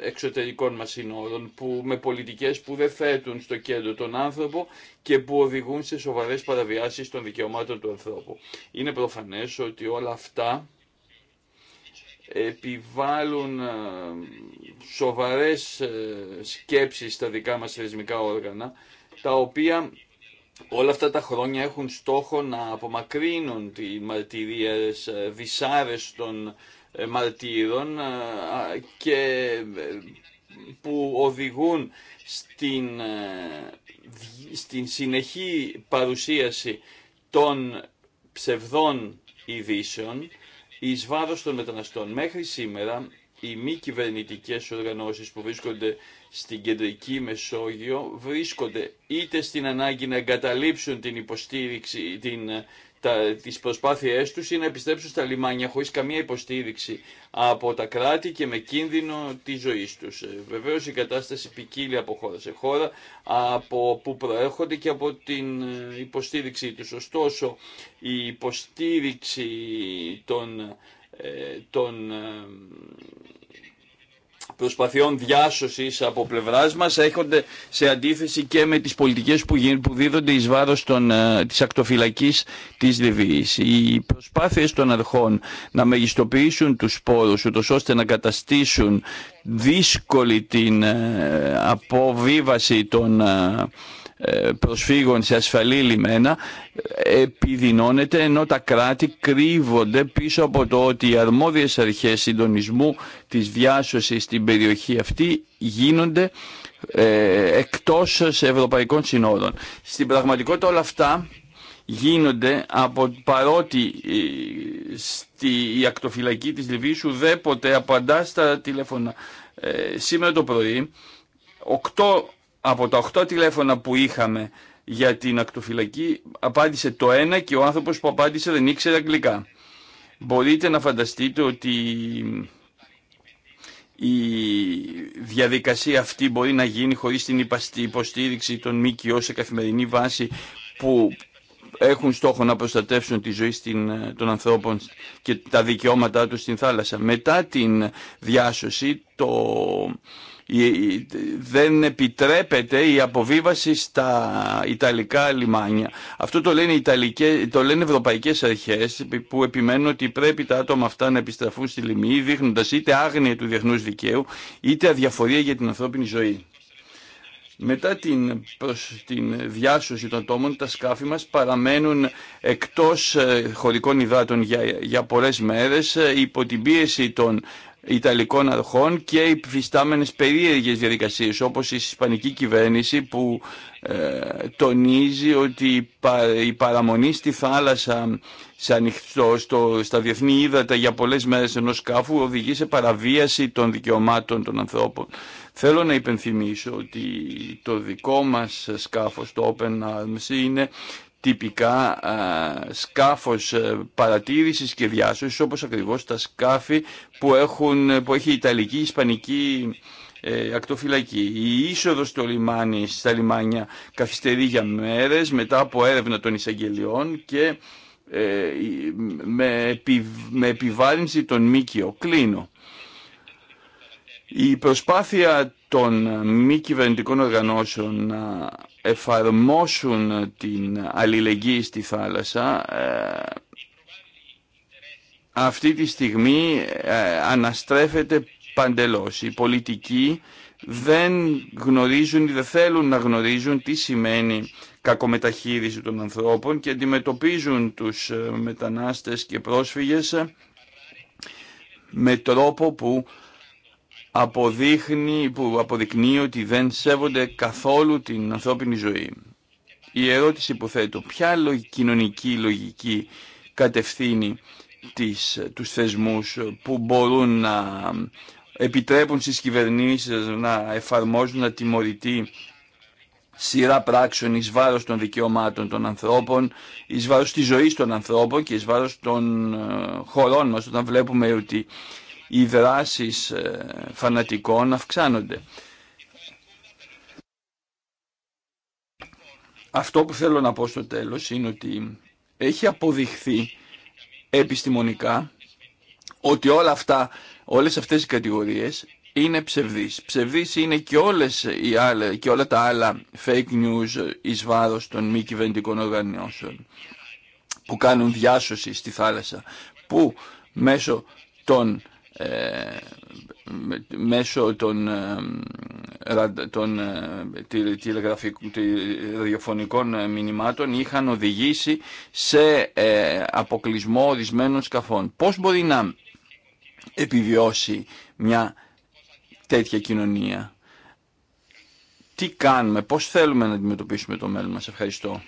εξωτερικών μας συνόρων, που, με πολιτικές που δεν θέτουν στο κέντρο τον άνθρωπο και που οδηγούν σε σοβαρές παραβιάσεις των δικαιωμάτων του ανθρώπου. Είναι προφανές ότι όλα αυτά επιβάλλουν ε, σοβαρές ε, σκέψεις στα δικά μας θεσμικά όργανα, τα οποία όλα αυτά τα χρόνια έχουν στόχο να απομακρύνουν τη μαρτυρίες ε, των μαρτύρων και που οδηγούν στην, στην συνεχή παρουσίαση των ψευδών ειδήσεων η βάρος των μεταναστών. Μέχρι σήμερα οι μη κυβερνητικέ οργανώσεις που βρίσκονται στην κεντρική Μεσόγειο βρίσκονται είτε στην ανάγκη να εγκαταλείψουν την υποστήριξη, την τα, τις προσπάθειές τους ή να επιστρέψουν στα λιμάνια χωρίς καμία υποστήριξη από τα κράτη και με κίνδυνο τη ζωή τους. Ε, βεβαίως η κατάσταση ποικίλει από χώρα σε χώρα, από που προέρχονται και από την ε, υποστήριξή τους. Ωστόσο, η υποστήριξη των, ε, των προσπαθειών διάσωσης από πλευράς μας έχονται σε αντίθεση και με τις πολιτικές που, που δίδονται εις βάρος των, ε, της ακτοφυλακής της Οι προσπάθειες των αρχών να μεγιστοποιήσουν τους σπόρους ούτως ώστε να καταστήσουν δύσκολη την ε, αποβίβαση των ε, ε, προσφύγων σε ασφαλή λιμένα επιδεινώνεται ενώ τα κράτη κρύβονται πίσω από το ότι οι αρμόδιες αρχές συντονισμού της διάσωσης στην περιοχή αυτή γίνονται ε, εκτός ευρωπαϊκών συνόρων. Στην πραγματικότητα όλα αυτά γίνονται από παρότι ε, στη, η ακτοφυλακή της Λιβύης ουδέποτε απαντά στα τηλέφωνα. σήμερα το πρωί, οκτώ από τα 8 τηλέφωνα που είχαμε για την ακτοφυλακή απάντησε το ένα και ο άνθρωπος που απάντησε δεν ήξερε αγγλικά. Μπορείτε να φανταστείτε ότι η διαδικασία αυτή μπορεί να γίνει χωρίς την υποστήριξη των ΜΚΟ σε καθημερινή βάση που έχουν στόχο να προστατεύσουν τη ζωή των ανθρώπων και τα δικαιώματά τους στην θάλασσα. Μετά την διάσωση το δεν επιτρέπεται η αποβίβαση στα Ιταλικά λιμάνια. Αυτό το λένε, Ιταλικές, το λένε Ευρωπαϊκές Αρχές που επιμένουν ότι πρέπει τα άτομα αυτά να επιστραφούν στη λιμή δείχνοντας είτε άγνοια του διεθνούς δικαίου είτε αδιαφορία για την ανθρώπινη ζωή. Μετά την, προς την διάσωση των ατόμων, τα σκάφη μας παραμένουν εκτός ε, χωρικών υδάτων για, για πολλές μέρες ε, υπό την πίεση των Ιταλικών αρχών και οι φυστάμενες περίεργες διαδικασίες όπως η Ισπανική κυβέρνηση που ε, τονίζει ότι η παραμονή στη θάλασσα σε ανοιχτό στο, στα διεθνή ύδατα για πολλές μέρες ενός σκάφου οδηγεί σε παραβίαση των δικαιωμάτων των ανθρώπων. Θέλω να υπενθυμίσω ότι το δικό μας σκάφος, το Open Arms, είναι τυπικά σκάφος ε, παρατήρησης και διάσωσης όπως ακριβώς τα σκάφη που, έχουν, που έχει η Ιταλική, η Ισπανική ε, ακτοφυλακή. Η είσοδος στο λιμάνι, στα λιμάνια καθυστερεί για μέρες μετά από έρευνα των εισαγγελιών και ε, με, επι, με επιβάρυνση των Κλείνω. Η προσπάθεια των μη κυβερνητικών οργανώσεων εφαρμόσουν την αλληλεγγύη στη θάλασσα ε, αυτή τη στιγμή ε, αναστρέφεται παντελώς. Οι πολιτικοί δεν γνωρίζουν ή δεν θέλουν να γνωρίζουν τι σημαίνει κακομεταχείριση των ανθρώπων και αντιμετωπίζουν τους ε, μετανάστες και πρόσφυγες με τρόπο που αποδείχνει, που αποδεικνύει ότι δεν σέβονται καθόλου την ανθρώπινη ζωή. Η ερώτηση που θέτω, ποια κοινωνική λογική κατευθύνει τις, τους θεσμούς που μπορούν να επιτρέπουν στις κυβερνήσεις να εφαρμόζουν ατιμωρητή σειρά πράξεων εις βάρος των δικαιωμάτων των ανθρώπων, εις βάρος της ζωής των ανθρώπων και εις βάρος των ε, χωρών μας όταν βλέπουμε ότι οι δράσεις ε, φανατικών αυξάνονται. Αυτό που θέλω να πω στο τέλος είναι ότι έχει αποδειχθεί επιστημονικά ότι όλα αυτά, όλες αυτές οι κατηγορίες είναι ψευδείς. Ψευδείς είναι και, όλες οι και όλα τα άλλα fake news εις βάρος των μη κυβερνητικών οργανώσεων που κάνουν διάσωση στη θάλασσα, που μέσω των ε, μέσω των, ε, των ε, ραδιοφωνικών μηνυμάτων είχαν οδηγήσει σε αποκλεισμό ορισμένων σκαφών. Πώς μπορεί να επιβιώσει μια τέτοια κοινωνία. Τι κάνουμε, πώς θέλουμε να αντιμετωπίσουμε το μέλλον μας. Ευχαριστώ.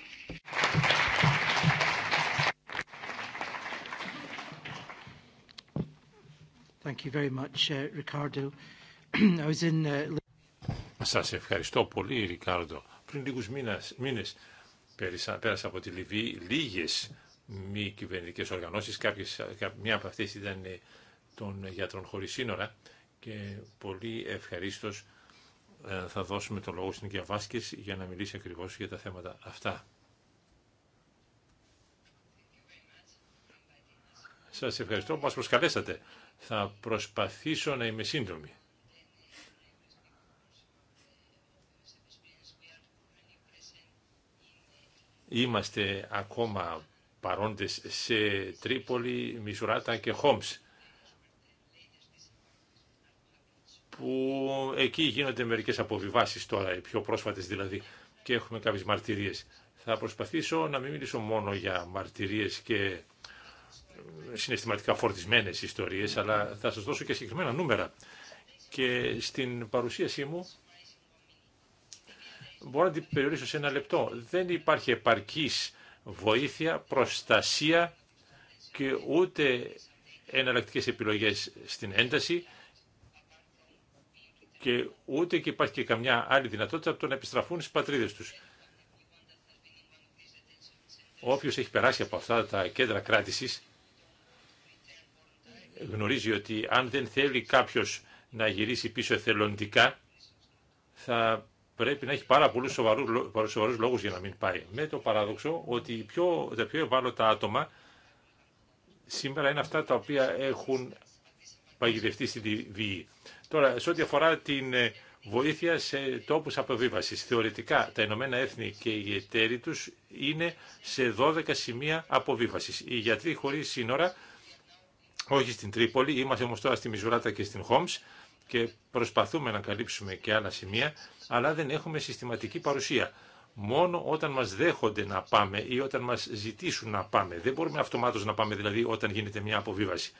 Thank you very much, uh, Ricardo. Uh,
Σας ευχαριστώ πολύ, Ρικάρντο. Πριν λίγους μήνες, μήνες πέρασα από τη Λιβύη λίγες μη κυβερνητικές οργανώσεις. Κάποιες, μια από αυτές ήταν ε, των γιατρών χωρίς σύνορα και πολύ ευχαρίστως ε, θα δώσουμε το λόγο στην κυρία για να μιλήσει ακριβώς για τα θέματα αυτά. Σας ευχαριστώ που μας προσκαλέσατε. Θα προσπαθήσω να είμαι σύντομη. Είμαστε ακόμα παρόντες σε Τρίπολη, Μισουράτα και Χόμς που εκεί γίνονται μερικές αποβιβάσεις τώρα, οι πιο πρόσφατες δηλαδή, και έχουμε κάποιες μαρτυρίες. Θα προσπαθήσω να μην μιλήσω μόνο για μαρτυρίες και συναισθηματικά φορτισμένες ιστορίες, αλλά θα σας δώσω και συγκεκριμένα νούμερα. Και στην παρουσίασή μου μπορώ να την περιορίσω σε ένα λεπτό. Δεν υπάρχει επαρκής βοήθεια, προστασία και ούτε εναλλακτικέ επιλογές στην ένταση και ούτε και υπάρχει και καμιά άλλη δυνατότητα από το να επιστραφούν στις πατρίδες τους. Όποιος έχει περάσει από αυτά τα κέντρα κράτησης γνωρίζει ότι αν δεν θέλει κάποιος να γυρίσει πίσω εθελοντικά, θα πρέπει να έχει πάρα πολλού σοβαρούς, λόγους για να μην πάει. Με το παράδοξο ότι πιο, τα πιο ευάλωτα άτομα σήμερα είναι αυτά τα οποία έχουν παγιδευτεί στην ΒΗΗ. Τώρα, σε ό,τι αφορά την ε, βοήθεια σε τόπους αποβίβασης, θεωρητικά τα Ηνωμένα Έθνη και οι εταίροι τους είναι σε 12 σημεία αποβίβασης. Οι γιατροί χωρίς σύνορα όχι στην Τρίπολη, είμαστε όμως τώρα στη Μιζουράτα και στην Χόμς και προσπαθούμε να καλύψουμε και άλλα σημεία, αλλά δεν έχουμε συστηματική παρουσία. Μόνο όταν μας δέχονται να πάμε ή όταν μας ζητήσουν να πάμε. Δεν μπορούμε αυτομάτως να πάμε, δηλαδή όταν γίνεται μια αποβίβαση.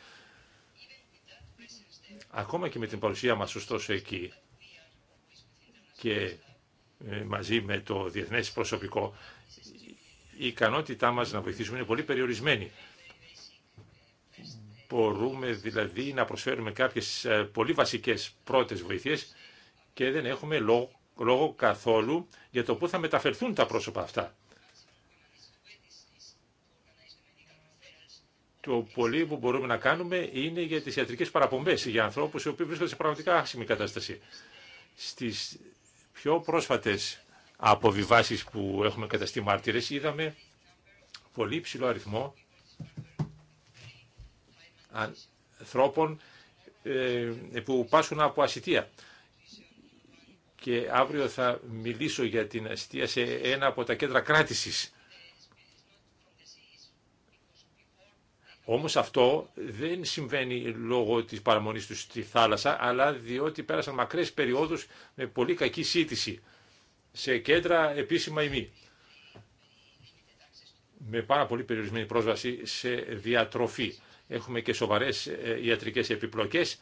Ακόμα και με την παρουσία μας ωστόσο εκεί και ε, μαζί με το διεθνές προσωπικό, η ικανότητά μας να βοηθήσουμε είναι πολύ περιορισμένη. Μπορούμε δηλαδή να προσφέρουμε κάποιες ε, πολύ βασικές πρώτες βοήθειες και δεν έχουμε λόγο καθόλου για το πού θα μεταφερθούν τα πρόσωπα αυτά. Το πολύ που μπορούμε να κάνουμε είναι για τις ιατρικές παραπομπές, για ανθρώπους οι οποίοι βρίσκονται σε πραγματικά άσχημη κατάσταση. Στις πιο πρόσφατες αποβιβάσεις που έχουμε καταστεί μάρτυρες είδαμε πολύ ψηλό αριθμό ανθρώπων ε, που πάσχουν από ασυτεία. Και αύριο θα μιλήσω για την ασυτεία σε ένα από τα κέντρα κράτησης. Όμως αυτό δεν συμβαίνει λόγω της παραμονής τους στη θάλασσα, αλλά διότι πέρασαν μακρές περιόδους με πολύ κακή σύντηση σε κέντρα επίσημα ημί. Με πάρα πολύ περιορισμένη πρόσβαση σε διατροφή. Έχουμε και σοβαρές ε, ιατρικές επιπλοκές.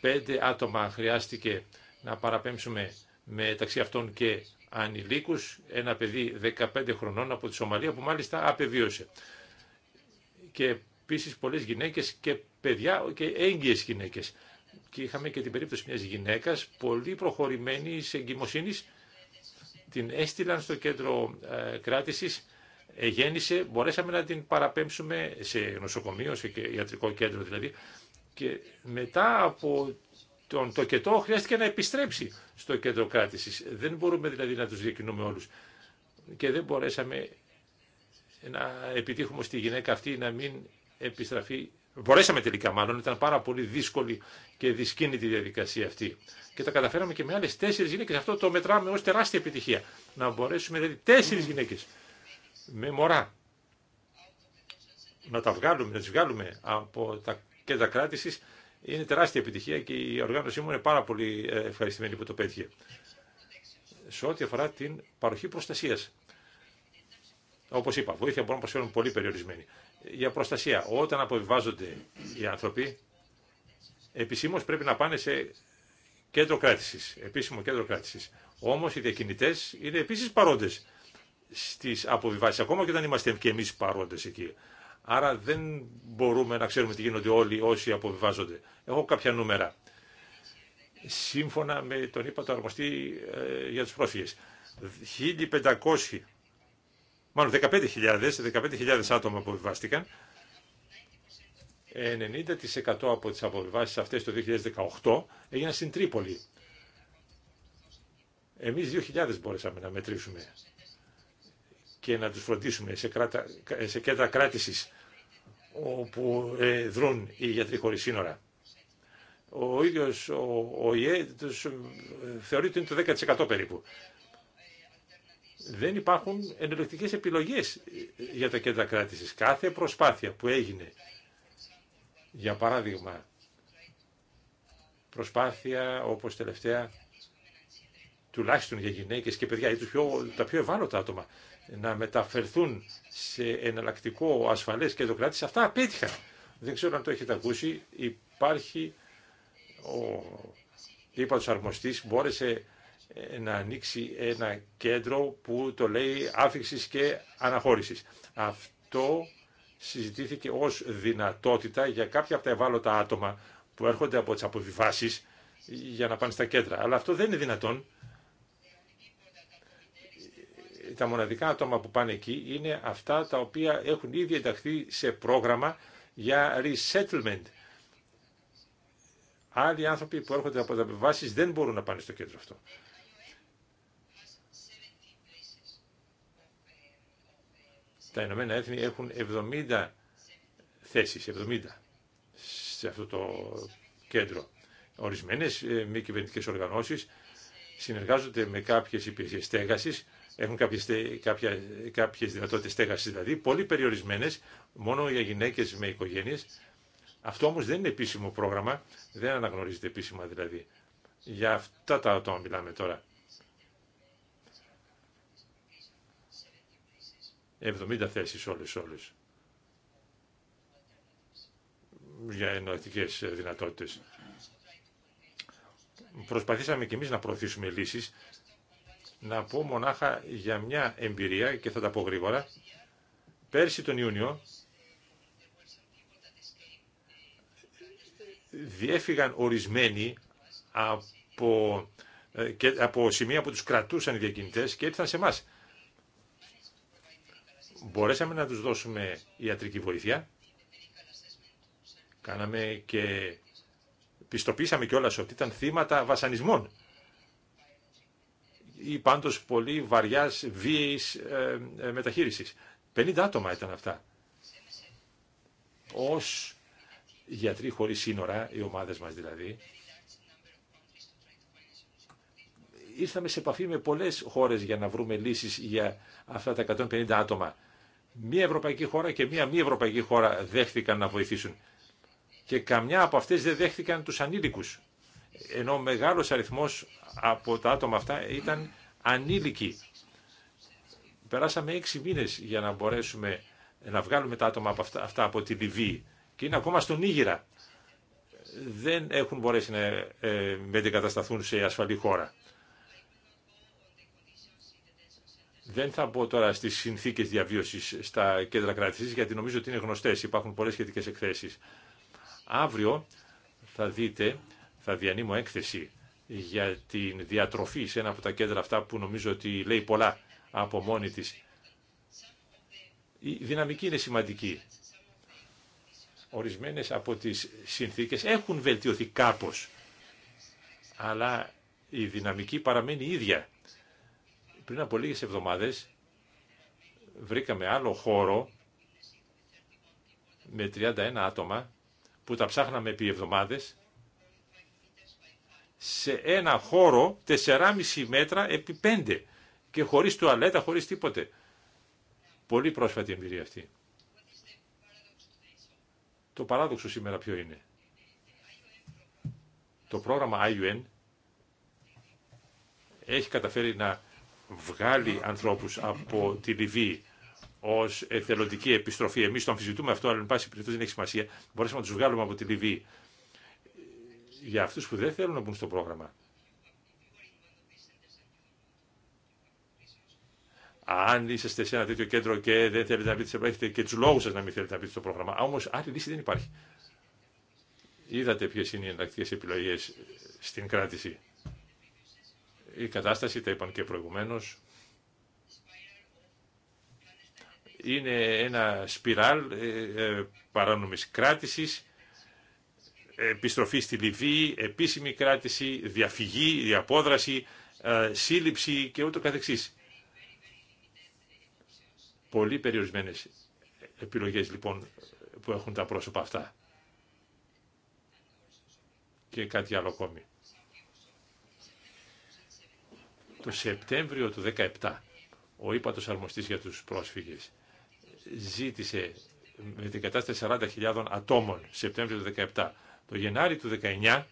Πέντε άτομα χρειάστηκε να παραπέμψουμε μεταξύ αυτών και ανηλίκους, ένα παιδί 15 χρονών από τη Σομαλία που μάλιστα απεβίωσε. Και επίσης πολλές γυναίκες και παιδιά και έγκυες γυναίκες. Και είχαμε και την περίπτωση μιας γυναίκας πολύ προχωρημένη εγκυμοσύνης, την έστειλαν στο κέντρο ε, κράτησης γέννησε, μπορέσαμε να την παραπέμψουμε σε νοσοκομείο, σε ιατρικό κέντρο δηλαδή, και μετά από τον τοκετό χρειάστηκε να επιστρέψει στο κέντρο κράτηση. Δεν μπορούμε δηλαδή να του διακινούμε όλου. Και δεν μπορέσαμε να επιτύχουμε στη γυναίκα αυτή να μην επιστραφεί. Μπορέσαμε τελικά μάλλον, ήταν πάρα πολύ δύσκολη και δυσκίνητη η διαδικασία αυτή. Και τα καταφέραμε και με άλλε τέσσερι γυναίκε. Αυτό το μετράμε ω τεράστια επιτυχία. Να μπορέσουμε δηλαδή τέσσερι γυναίκε με μωρά. Να τα βγάλουμε, να τις βγάλουμε από τα κέντρα κράτησης είναι τεράστια επιτυχία και η οργάνωσή μου είναι πάρα πολύ ε, ευχαριστημένη που το πέτυχε. Σε ό,τι αφορά την παροχή προστασίας. Όπως είπα, βοήθεια μπορούν να προσφέρουν πολύ περιορισμένη. Για προστασία, όταν αποβιβάζονται οι άνθρωποι, επισήμως πρέπει να πάνε σε κέντρο κράτηση, επίσημο κέντρο κράτησης. Όμως οι διακινητές είναι επίσης παρόντες Στι αποβιβάσεις, ακόμα και όταν είμαστε και εμεί παρόντες εκεί. Άρα δεν μπορούμε να ξέρουμε τι γίνονται όλοι όσοι αποβιβάζονται. Έχω κάποια νούμερα. Σύμφωνα με τον είπα το αρμοστή ε, για τους πρόσφυγες. 1.500, μάλλον 15.000, 15.000 άτομα αποβιβάστηκαν. 90% από τις αποβιβάσεις αυτές το 2018 έγιναν στην Τρίπολη. Εμείς 2.000 μπορέσαμε να μετρήσουμε και να τους φροντίσουμε σε, κράτα, κέντρα κράτησης όπου ε, δρούν οι γιατροί χωρίς σύνορα. Ο ίδιος ο ΙΕ τους ε, θεωρεί ότι είναι το 10% περίπου. Δεν υπάρχουν ενελεκτικές επιλογές για τα κέντρα κράτησης. Κάθε προσπάθεια που έγινε, για παράδειγμα, προσπάθεια όπως τελευταία τουλάχιστον για γυναίκες και παιδιά ή πιο, τα πιο ευάλωτα άτομα να μεταφερθούν σε εναλλακτικό ασφαλές κερδοκράτηση. Αυτά απέτυχαν. Δεν ξέρω αν το έχετε ακούσει. Υπάρχει ο ήπατος αρμοστής μπόρεσε ε, να ανοίξει ένα κέντρο που το λέει άφηξη και αναχώρησης. Αυτό συζητήθηκε ως δυνατότητα για κάποια από τα ευάλωτα άτομα που έρχονται από τις αποβιβάσεις για να πάνε στα κέντρα. Αλλά αυτό δεν είναι δυνατόν τα μοναδικά άτομα που πάνε εκεί είναι αυτά τα οποία έχουν ήδη ενταχθεί σε πρόγραμμα για resettlement. Άλλοι άνθρωποι που έρχονται από τα επιβάσει δεν μπορούν να πάνε στο κέντρο αυτό. Τα Ηνωμένα Έθνη έχουν 70 θέσεις, 70 σε αυτό το κέντρο. Ορισμένες ε, μη κυβερνητικέ οργανώσεις συνεργάζονται με κάποιες υπηρεσίες στέγασης έχουν κάποιες, κάποια, κάποιες δυνατότητες στέγασης δηλαδή, πολύ περιορισμένες, μόνο για γυναίκες με οικογένειες. Αυτό όμως δεν είναι επίσημο πρόγραμμα, δεν αναγνωρίζεται επίσημα δηλαδή. Για αυτά τα άτομα μιλάμε τώρα. 70 θέσεις όλες όλες για εννοητικές δυνατότητες. Προσπαθήσαμε και εμείς να προωθήσουμε λύσεις να πω μονάχα για μια εμπειρία και θα τα πω γρήγορα. Πέρσι τον Ιούνιο διέφυγαν ορισμένοι από, ε, και από σημεία που τους κρατούσαν οι διακινητές και ήρθαν σε εμά. Μπορέσαμε να τους δώσουμε ιατρική βοήθεια. Κάναμε και πιστοποίησαμε κιόλας ότι ήταν θύματα βασανισμών ή πάντως πολύ βαριάς βίαιης ε, ε μεταχείρισης. 50 άτομα ήταν αυτά. Ως γιατροί χωρίς σύνορα, οι ομάδες μας δηλαδή, ήρθαμε σε επαφή με πολλές χώρες για να βρούμε λύσεις για αυτά τα 150 άτομα. Μία ευρωπαϊκή χώρα και μία μη ευρωπαϊκή χώρα δέχτηκαν να βοηθήσουν. Και καμιά από αυτές δεν δέχτηκαν τους ανήλικους. Ενώ μεγάλος αριθμός από τα άτομα αυτά ήταν ανήλικοι. Περάσαμε έξι μήνες για να μπορέσουμε να βγάλουμε τα άτομα από αυτά, αυτά από τη Λιβύη και είναι ακόμα στον Ήγηρα. Δεν έχουν μπορέσει να ε, μετεγκατασταθούν σε ασφαλή χώρα. Δεν θα πω τώρα στις συνθήκες διαβίωσης στα κέντρα κράτησης, γιατί νομίζω ότι είναι γνωστές, υπάρχουν πολλές σχετικές εκθέσεις. Αύριο θα δείτε, θα διανύμω έκθεση για την διατροφή σε ένα από τα κέντρα αυτά που νομίζω ότι λέει πολλά από μόνη της. Η δυναμική είναι σημαντική. Ορισμένες από τις συνθήκες έχουν βελτιωθεί κάπως, αλλά η δυναμική παραμένει ίδια. Πριν από λίγες εβδομάδες βρήκαμε άλλο χώρο με 31 άτομα που τα ψάχναμε επί εβδομάδες σε ένα χώρο 4,5 μέτρα επί 5 και χωρίς τουαλέτα, χωρίς τίποτε. Πολύ πρόσφατη εμπειρία αυτή. Το παράδοξο σήμερα ποιο είναι. Το πρόγραμμα IUN έχει καταφέρει να βγάλει ανθρώπους από τη Λιβύη ω εθελοντική επιστροφή. Εμεί το αμφισβητούμε αυτό, αλλά εν πάση περιπτώσει δεν έχει σημασία. Μπορέσαμε να του βγάλουμε από τη Λιβύη για αυτούς που δεν θέλουν να μπουν στο πρόγραμμα. Αν είσαστε σε ένα τέτοιο κέντρο και δεν θέλετε να μπείτε, έχετε και του λόγου σα να μην θέλετε να μπείτε στο πρόγραμμα. Όμω άλλη λύση δεν υπάρχει. Είδατε ποιε είναι οι εναλλακτικέ επιλογέ στην κράτηση. Η κατάσταση, τα είπαν και προηγουμένω, είναι ένα σπιράλ ε, ε, επιστροφή στη Λιβύη, επίσημη κράτηση, διαφυγή, διαπόδραση, ε, σύλληψη και ούτω καθεξής. Πολύ περιορισμένες επιλογές λοιπόν που έχουν τα πρόσωπα αυτά. Και κάτι άλλο ακόμη. Το Σεπτέμβριο του 2017 ο ύπατος αρμοστής για τους πρόσφυγες ζήτησε με την κατάσταση 40.000 ατόμων Σεπτέμβριο του 2017 το Γενάρη του 19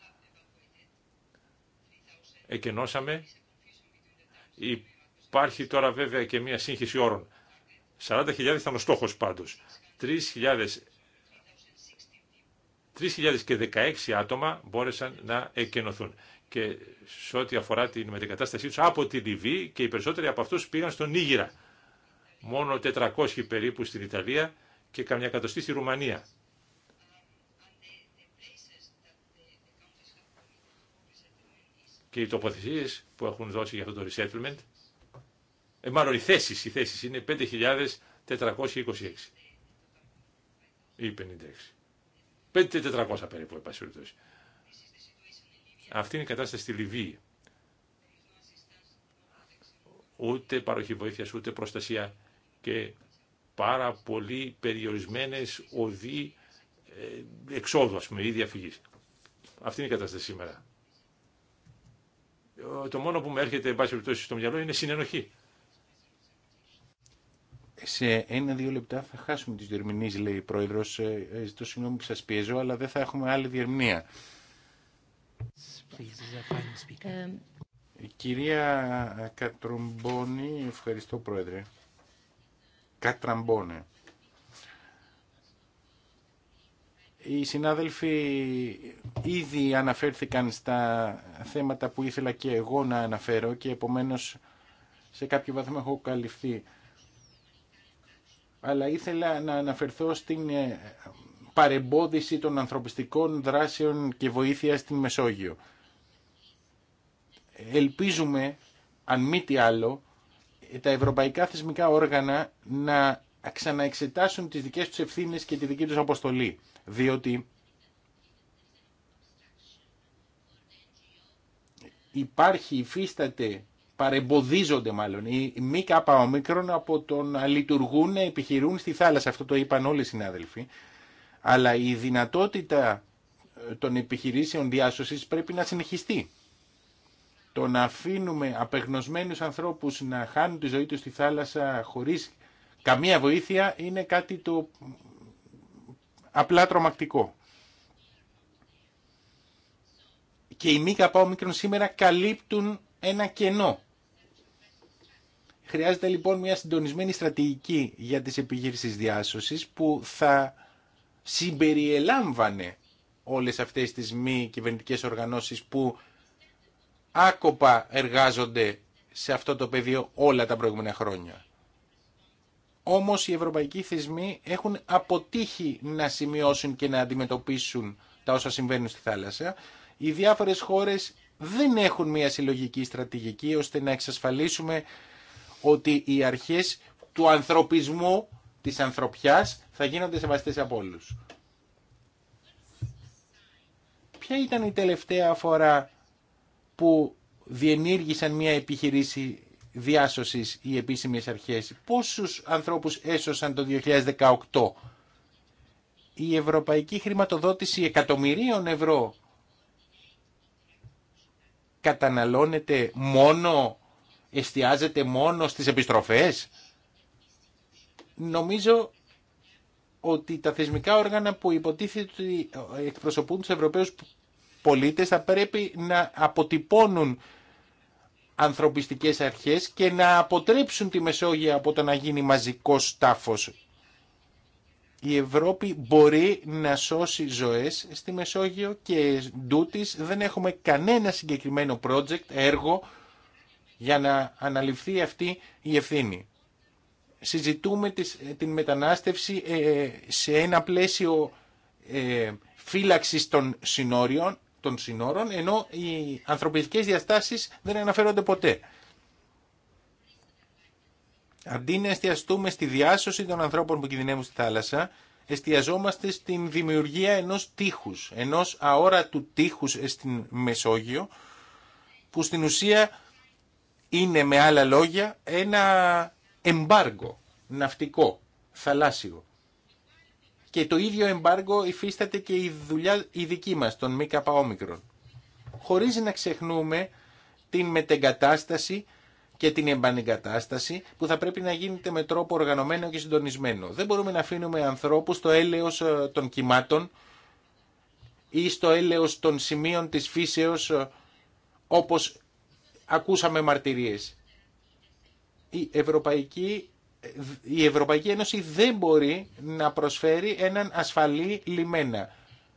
εκενώσαμε. Υπάρχει τώρα βέβαια και μια σύγχυση όρων. 40.000 ήταν ο στόχος πάντως. 3.016 άτομα μπόρεσαν να εκενωθούν. Και σε ό,τι αφορά την μετεκατάστασή τους από τη Λιβύη και οι περισσότεροι από αυτούς πήγαν στον Νίγηρα. Μόνο 400 περίπου στην Ιταλία και καμιά κατοστή στη Ρουμανία. και οι τοποθεσίες που έχουν δώσει για αυτό το resettlement, ε, μάλλον οι θέσεις, οι είναι 5.426 ή 56. 5.400 περίπου, επασίλωτος. Αυτή είναι η κατάσταση στη Λιβύη. Ούτε παροχή βοήθειας, ούτε προστασία και πάρα πολύ περιορισμένες οδοί ε, εξόδου, ας πούμε, ή διαφυγής. Αυτή είναι η κατάσταση σήμερα. Ε, το μόνο που με έρχεται εν πάση στο μυαλό είναι συνενοχή.
Σε ένα-δύο λεπτά θα χάσουμε τις διερμηνείς, λέει η Πρόεδρος. Ε, ε, ζητώ συγγνώμη που σας πιέζω, αλλά δεν θα έχουμε άλλη διερμηνία. Κυρία Κατρομπόνη, ευχαριστώ Πρόεδρε. Κατραμπόνε. Οι συνάδελφοι ήδη αναφέρθηκαν στα θέματα που ήθελα και εγώ να αναφέρω και επομένως σε κάποιο βαθμό έχω καλυφθεί. Αλλά ήθελα να αναφερθώ στην ε, παρεμπόδιση των ανθρωπιστικών δράσεων και βοήθεια στην Μεσόγειο. Ελπίζουμε, αν μη τι άλλο, τα ευρωπαϊκά θεσμικά όργανα να ξαναεξετάσουν τις δικές τους ευθύνες και τη δική τους αποστολή. Διότι υπάρχει, υφίσταται, παρεμποδίζονται μάλλον οι μη ομίκρον από το να λειτουργούν, να επιχειρούν στη θάλασσα. Αυτό το είπαν όλοι οι συνάδελφοι. Αλλά η δυνατότητα ε, των επιχειρήσεων διάσωσης πρέπει να συνεχιστεί. Το να αφήνουμε απεγνωσμένους ανθρώπους να χάνουν τη ζωή τους στη θάλασσα χωρίς Καμία βοήθεια είναι κάτι το απλά τρομακτικό. Και οι μη σήμερα καλύπτουν ένα κενό. Χρειάζεται λοιπόν μια συντονισμένη στρατηγική για τις επιχείρησεις διάσωσης που θα συμπεριελάμβανε όλες αυτές τις μη κυβερνητικές οργανώσεις που άκοπα εργάζονται σε αυτό το πεδίο όλα τα προηγούμενα χρόνια. Όμως οι ευρωπαϊκοί θεσμοί έχουν αποτύχει να σημειώσουν και να αντιμετωπίσουν τα όσα συμβαίνουν στη θάλασσα. Οι διάφορες χώρες δεν έχουν μια συλλογική στρατηγική ώστε να εξασφαλίσουμε ότι οι αρχές του ανθρωπισμού, της ανθρωπιάς, θα γίνονται σεβαστές από όλους. Ποια ήταν η τελευταία φορά που διενήργησαν μια επιχειρήση διάσωσης οι επίσημε αρχέ. Πόσους ανθρώπους έσωσαν το 2018. Η ευρωπαϊκή χρηματοδότηση εκατομμυρίων ευρώ καταναλώνεται μόνο, εστιάζεται μόνο στις επιστροφές. Νομίζω ότι τα θεσμικά όργανα που υποτίθεται ότι εκπροσωπούν τους Ευρωπαίους πολίτες θα πρέπει να αποτυπώνουν ανθρωπιστικές αρχές και να αποτρέψουν τη Μεσόγεια από το να γίνει μαζικός τάφος. Η Ευρώπη μπορεί να σώσει ζωές στη Μεσόγειο και ντούτης δεν έχουμε κανένα συγκεκριμένο project, έργο, για να αναλυφθεί αυτή η ευθύνη. Συζητούμε την μετανάστευση ε, σε ένα πλαίσιο ε, φύλαξης των συνόριων, των συνόρων, ενώ οι ανθρωπιστικές διαστάσεις δεν αναφέρονται ποτέ. Αντί να εστιαστούμε στη διάσωση των ανθρώπων που κινδυνεύουν στη θάλασσα, εστιαζόμαστε στην δημιουργία ενός τείχους, ενός αόρατου τείχους στην Μεσόγειο, που στην ουσία είναι με άλλα λόγια ένα εμπάργκο ναυτικό, θαλάσσιο και το ίδιο εμπάργκο υφίσταται και η δουλειά η δική μας, των ΜΚΟ. Χωρίς να ξεχνούμε την μετεγκατάσταση και την εμπανεγκατάσταση που θα πρέπει να γίνεται με τρόπο οργανωμένο και συντονισμένο. Δεν μπορούμε να αφήνουμε ανθρώπους στο έλεος ε, των κυμάτων ή στο έλεος των σημείων της φύσεως ε, όπως ακούσαμε μαρτυρίες. Η Ευρωπαϊκή η Ευρωπαϊκή Ένωση δεν μπορεί να προσφέρει έναν ασφαλή λιμένα.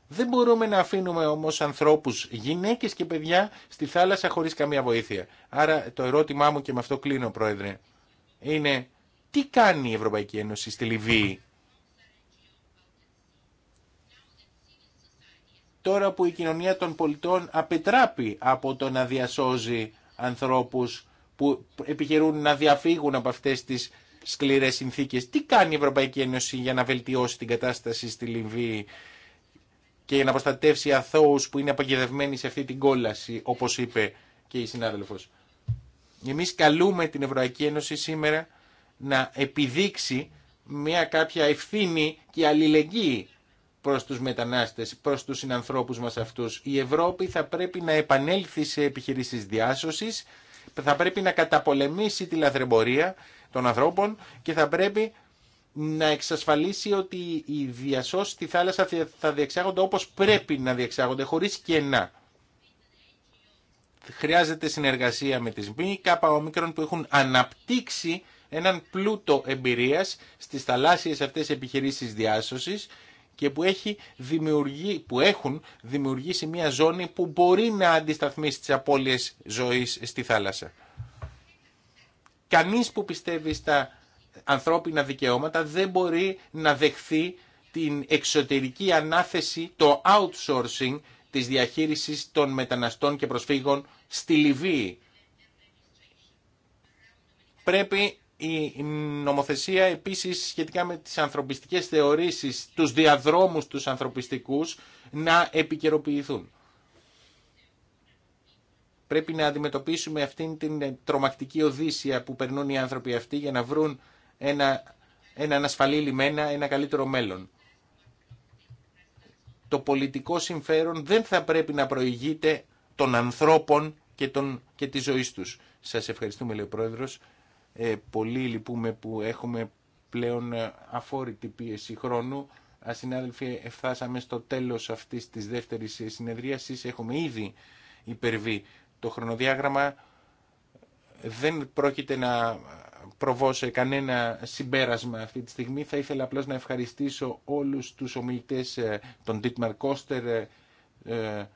Δεν μπορούμε να αφήνουμε όμως ανθρώπους, γυναίκες και παιδιά στη θάλασσα χωρίς καμία βοήθεια. Άρα το ερώτημά μου και με αυτό κλείνω πρόεδρε είναι τι κάνει η Ευρωπαϊκή Ένωση στη Λιβύη. Τώρα που η κοινωνία των πολιτών απετράπει από το να διασώζει ανθρώπους που επιχειρούν να διαφύγουν από αυτές τις σκληρές συνθήκες. Τι κάνει η Ευρωπαϊκή Ένωση για να βελτιώσει την κατάσταση στη Λιβύη και για να προστατεύσει αθώους που είναι απογεδευμένοι σε αυτή την κόλαση, όπως είπε και η συνάδελφος. Εμείς καλούμε την Ευρωπαϊκή Ένωση σήμερα να επιδείξει μια κάποια ευθύνη και αλληλεγγύη προς τους μετανάστες, προς τους συνανθρώπους μας αυτούς. Η Ευρώπη θα πρέπει να επανέλθει σε επιχειρήσεις διάσωσης, θα πρέπει να καταπολεμήσει τη λαθρεμπορία, των ανθρώπων και θα πρέπει να εξασφαλίσει ότι οι διασώσει στη θάλασσα θα διεξάγονται όπως πρέπει να διεξάγονται, χωρίς κενά. Χρειάζεται συνεργασία με τις ΜΚΟ που έχουν αναπτύξει έναν πλούτο εμπειρίας στις θαλάσσιες αυτές επιχειρήσεις διάσωσης και που, έχει δημιουργεί, που έχουν δημιουργήσει μια ζώνη που μπορεί να αντισταθμίσει τις απώλειες ζωής στη θάλασσα. Κανείς που πιστεύει στα ανθρώπινα δικαιώματα δεν μπορεί να δεχθεί την εξωτερική ανάθεση, το outsourcing της διαχείρισης των μεταναστών και προσφύγων στη Λιβύη. Πρέπει η νομοθεσία επίσης σχετικά με τις ανθρωπιστικές θεωρήσεις, τους διαδρόμους τους ανθρωπιστικούς να επικαιροποιηθούν. Πρέπει να αντιμετωπίσουμε αυτήν την τρομακτική οδύσσια που περνούν οι άνθρωποι αυτοί για να βρουν ένα, έναν ασφαλή λιμένα, ένα καλύτερο μέλλον. Το πολιτικό συμφέρον δεν θα πρέπει να προηγείται των ανθρώπων και, των, και της ζωής τους. Σας ευχαριστούμε, λέει ο Πρόεδρος. Ε, πολύ λυπούμε που έχουμε πλέον αφόρητη πίεση χρόνου. συνάδελφοι, εφτάσαμε στο τέλος αυτής της δεύτερης συνεδρίασης. Έχουμε ήδη υπερβεί το χρονοδιάγραμμα δεν πρόκειται να προβώ σε κανένα συμπέρασμα αυτή τη στιγμή. Θα ήθελα απλώς να ευχαριστήσω όλους τους ομιλητές, ε, τον Dietmar Κώστερ, ε,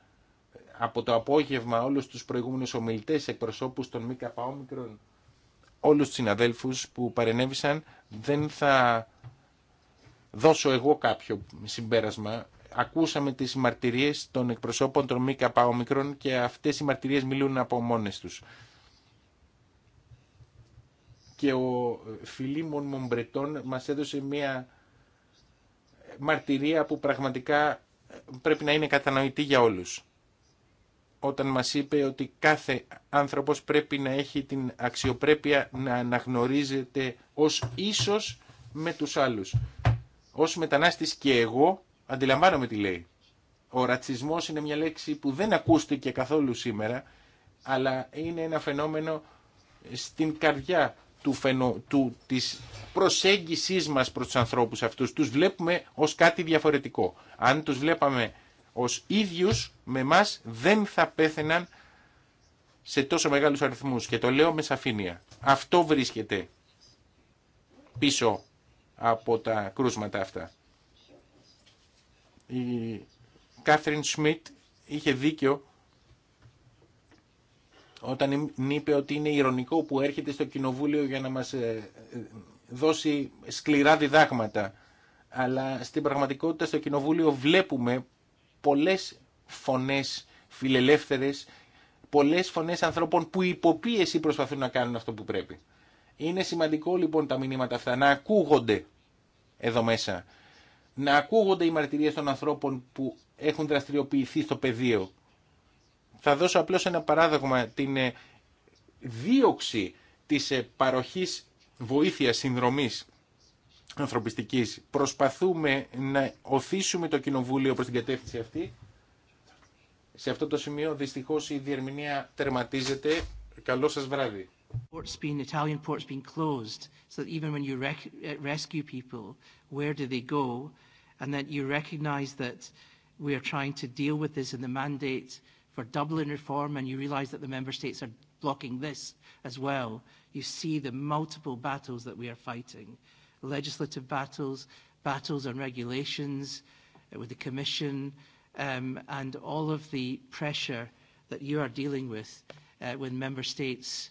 από το απόγευμα όλους τους προηγούμενους ομιλητές, εκπροσώπους των ΜΚΟ, όλους τους συναδέλφους που παρενέβησαν. Δεν θα δώσω εγώ κάποιο συμπέρασμα ακούσαμε τις μαρτυρίες των εκπροσώπων των ΜΚΟ και αυτές οι μαρτυρίες μιλούν από μόνες τους. Και ο Φιλίμων Μομπρετών μας έδωσε μια μαρτυρία που πραγματικά πρέπει να είναι κατανοητή για όλους. Όταν μας είπε ότι κάθε άνθρωπος πρέπει να έχει την αξιοπρέπεια να αναγνωρίζεται ως ίσος με τους άλλους. Ως μετανάστης και εγώ Αντιλαμβάνομαι τι λέει. Ο ρατσισμός είναι μια λέξη που δεν ακούστηκε καθόλου σήμερα, αλλά είναι ένα φαινόμενο στην καρδιά του, φαινο, του της προσέγγισής μας προς τους ανθρώπους αυτούς. Τους βλέπουμε ως κάτι διαφορετικό. Αν τους βλέπαμε ως ίδιους με μας δεν θα πέθαιναν σε τόσο μεγάλους αριθμούς και το λέω με σαφήνεια. Αυτό βρίσκεται πίσω από τα κρούσματα αυτά η Κάθριν Σμιτ είχε δίκιο όταν είπε ότι είναι ηρωνικό που έρχεται στο κοινοβούλιο για να μας ε, ε, δώσει σκληρά διδάγματα. Αλλά στην πραγματικότητα στο κοινοβούλιο βλέπουμε πολλές φωνές φιλελεύθερες, πολλές φωνές ανθρώπων που υποπίεση προσπαθούν να κάνουν αυτό που πρέπει. Είναι σημαντικό λοιπόν τα μηνύματα αυτά να ακούγονται εδώ μέσα να ακούγονται οι μαρτυρίε των ανθρώπων που έχουν δραστηριοποιηθεί στο πεδίο. Θα δώσω απλώς ένα παράδειγμα, την ε, δίωξη της ε, παροχής βοήθειας συνδρομής ανθρωπιστικής. Προσπαθούμε να οθήσουμε το Κοινοβούλιο προ την κατεύθυνση αυτή. Σε αυτό το σημείο δυστυχώς η διερμηνία τερματίζεται. Καλό σας βράδυ
ports being Italian ports being closed, so that even when you rec- rescue people, where do they go? And that you recognise that we are trying to deal with this in the mandate for Dublin reform, and you realise that the member states are blocking this as well. You see the multiple battles that we are fighting, legislative battles, battles on regulations with the Commission, um, and all of the pressure that you are dealing with uh, when member states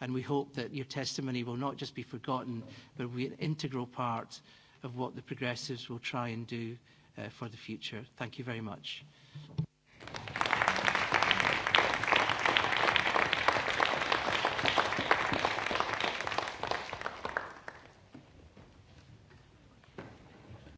and we hope that your testimony will not just be forgotten, but will be an integral part of what the Progressives will try and do for the future. Thank you very much.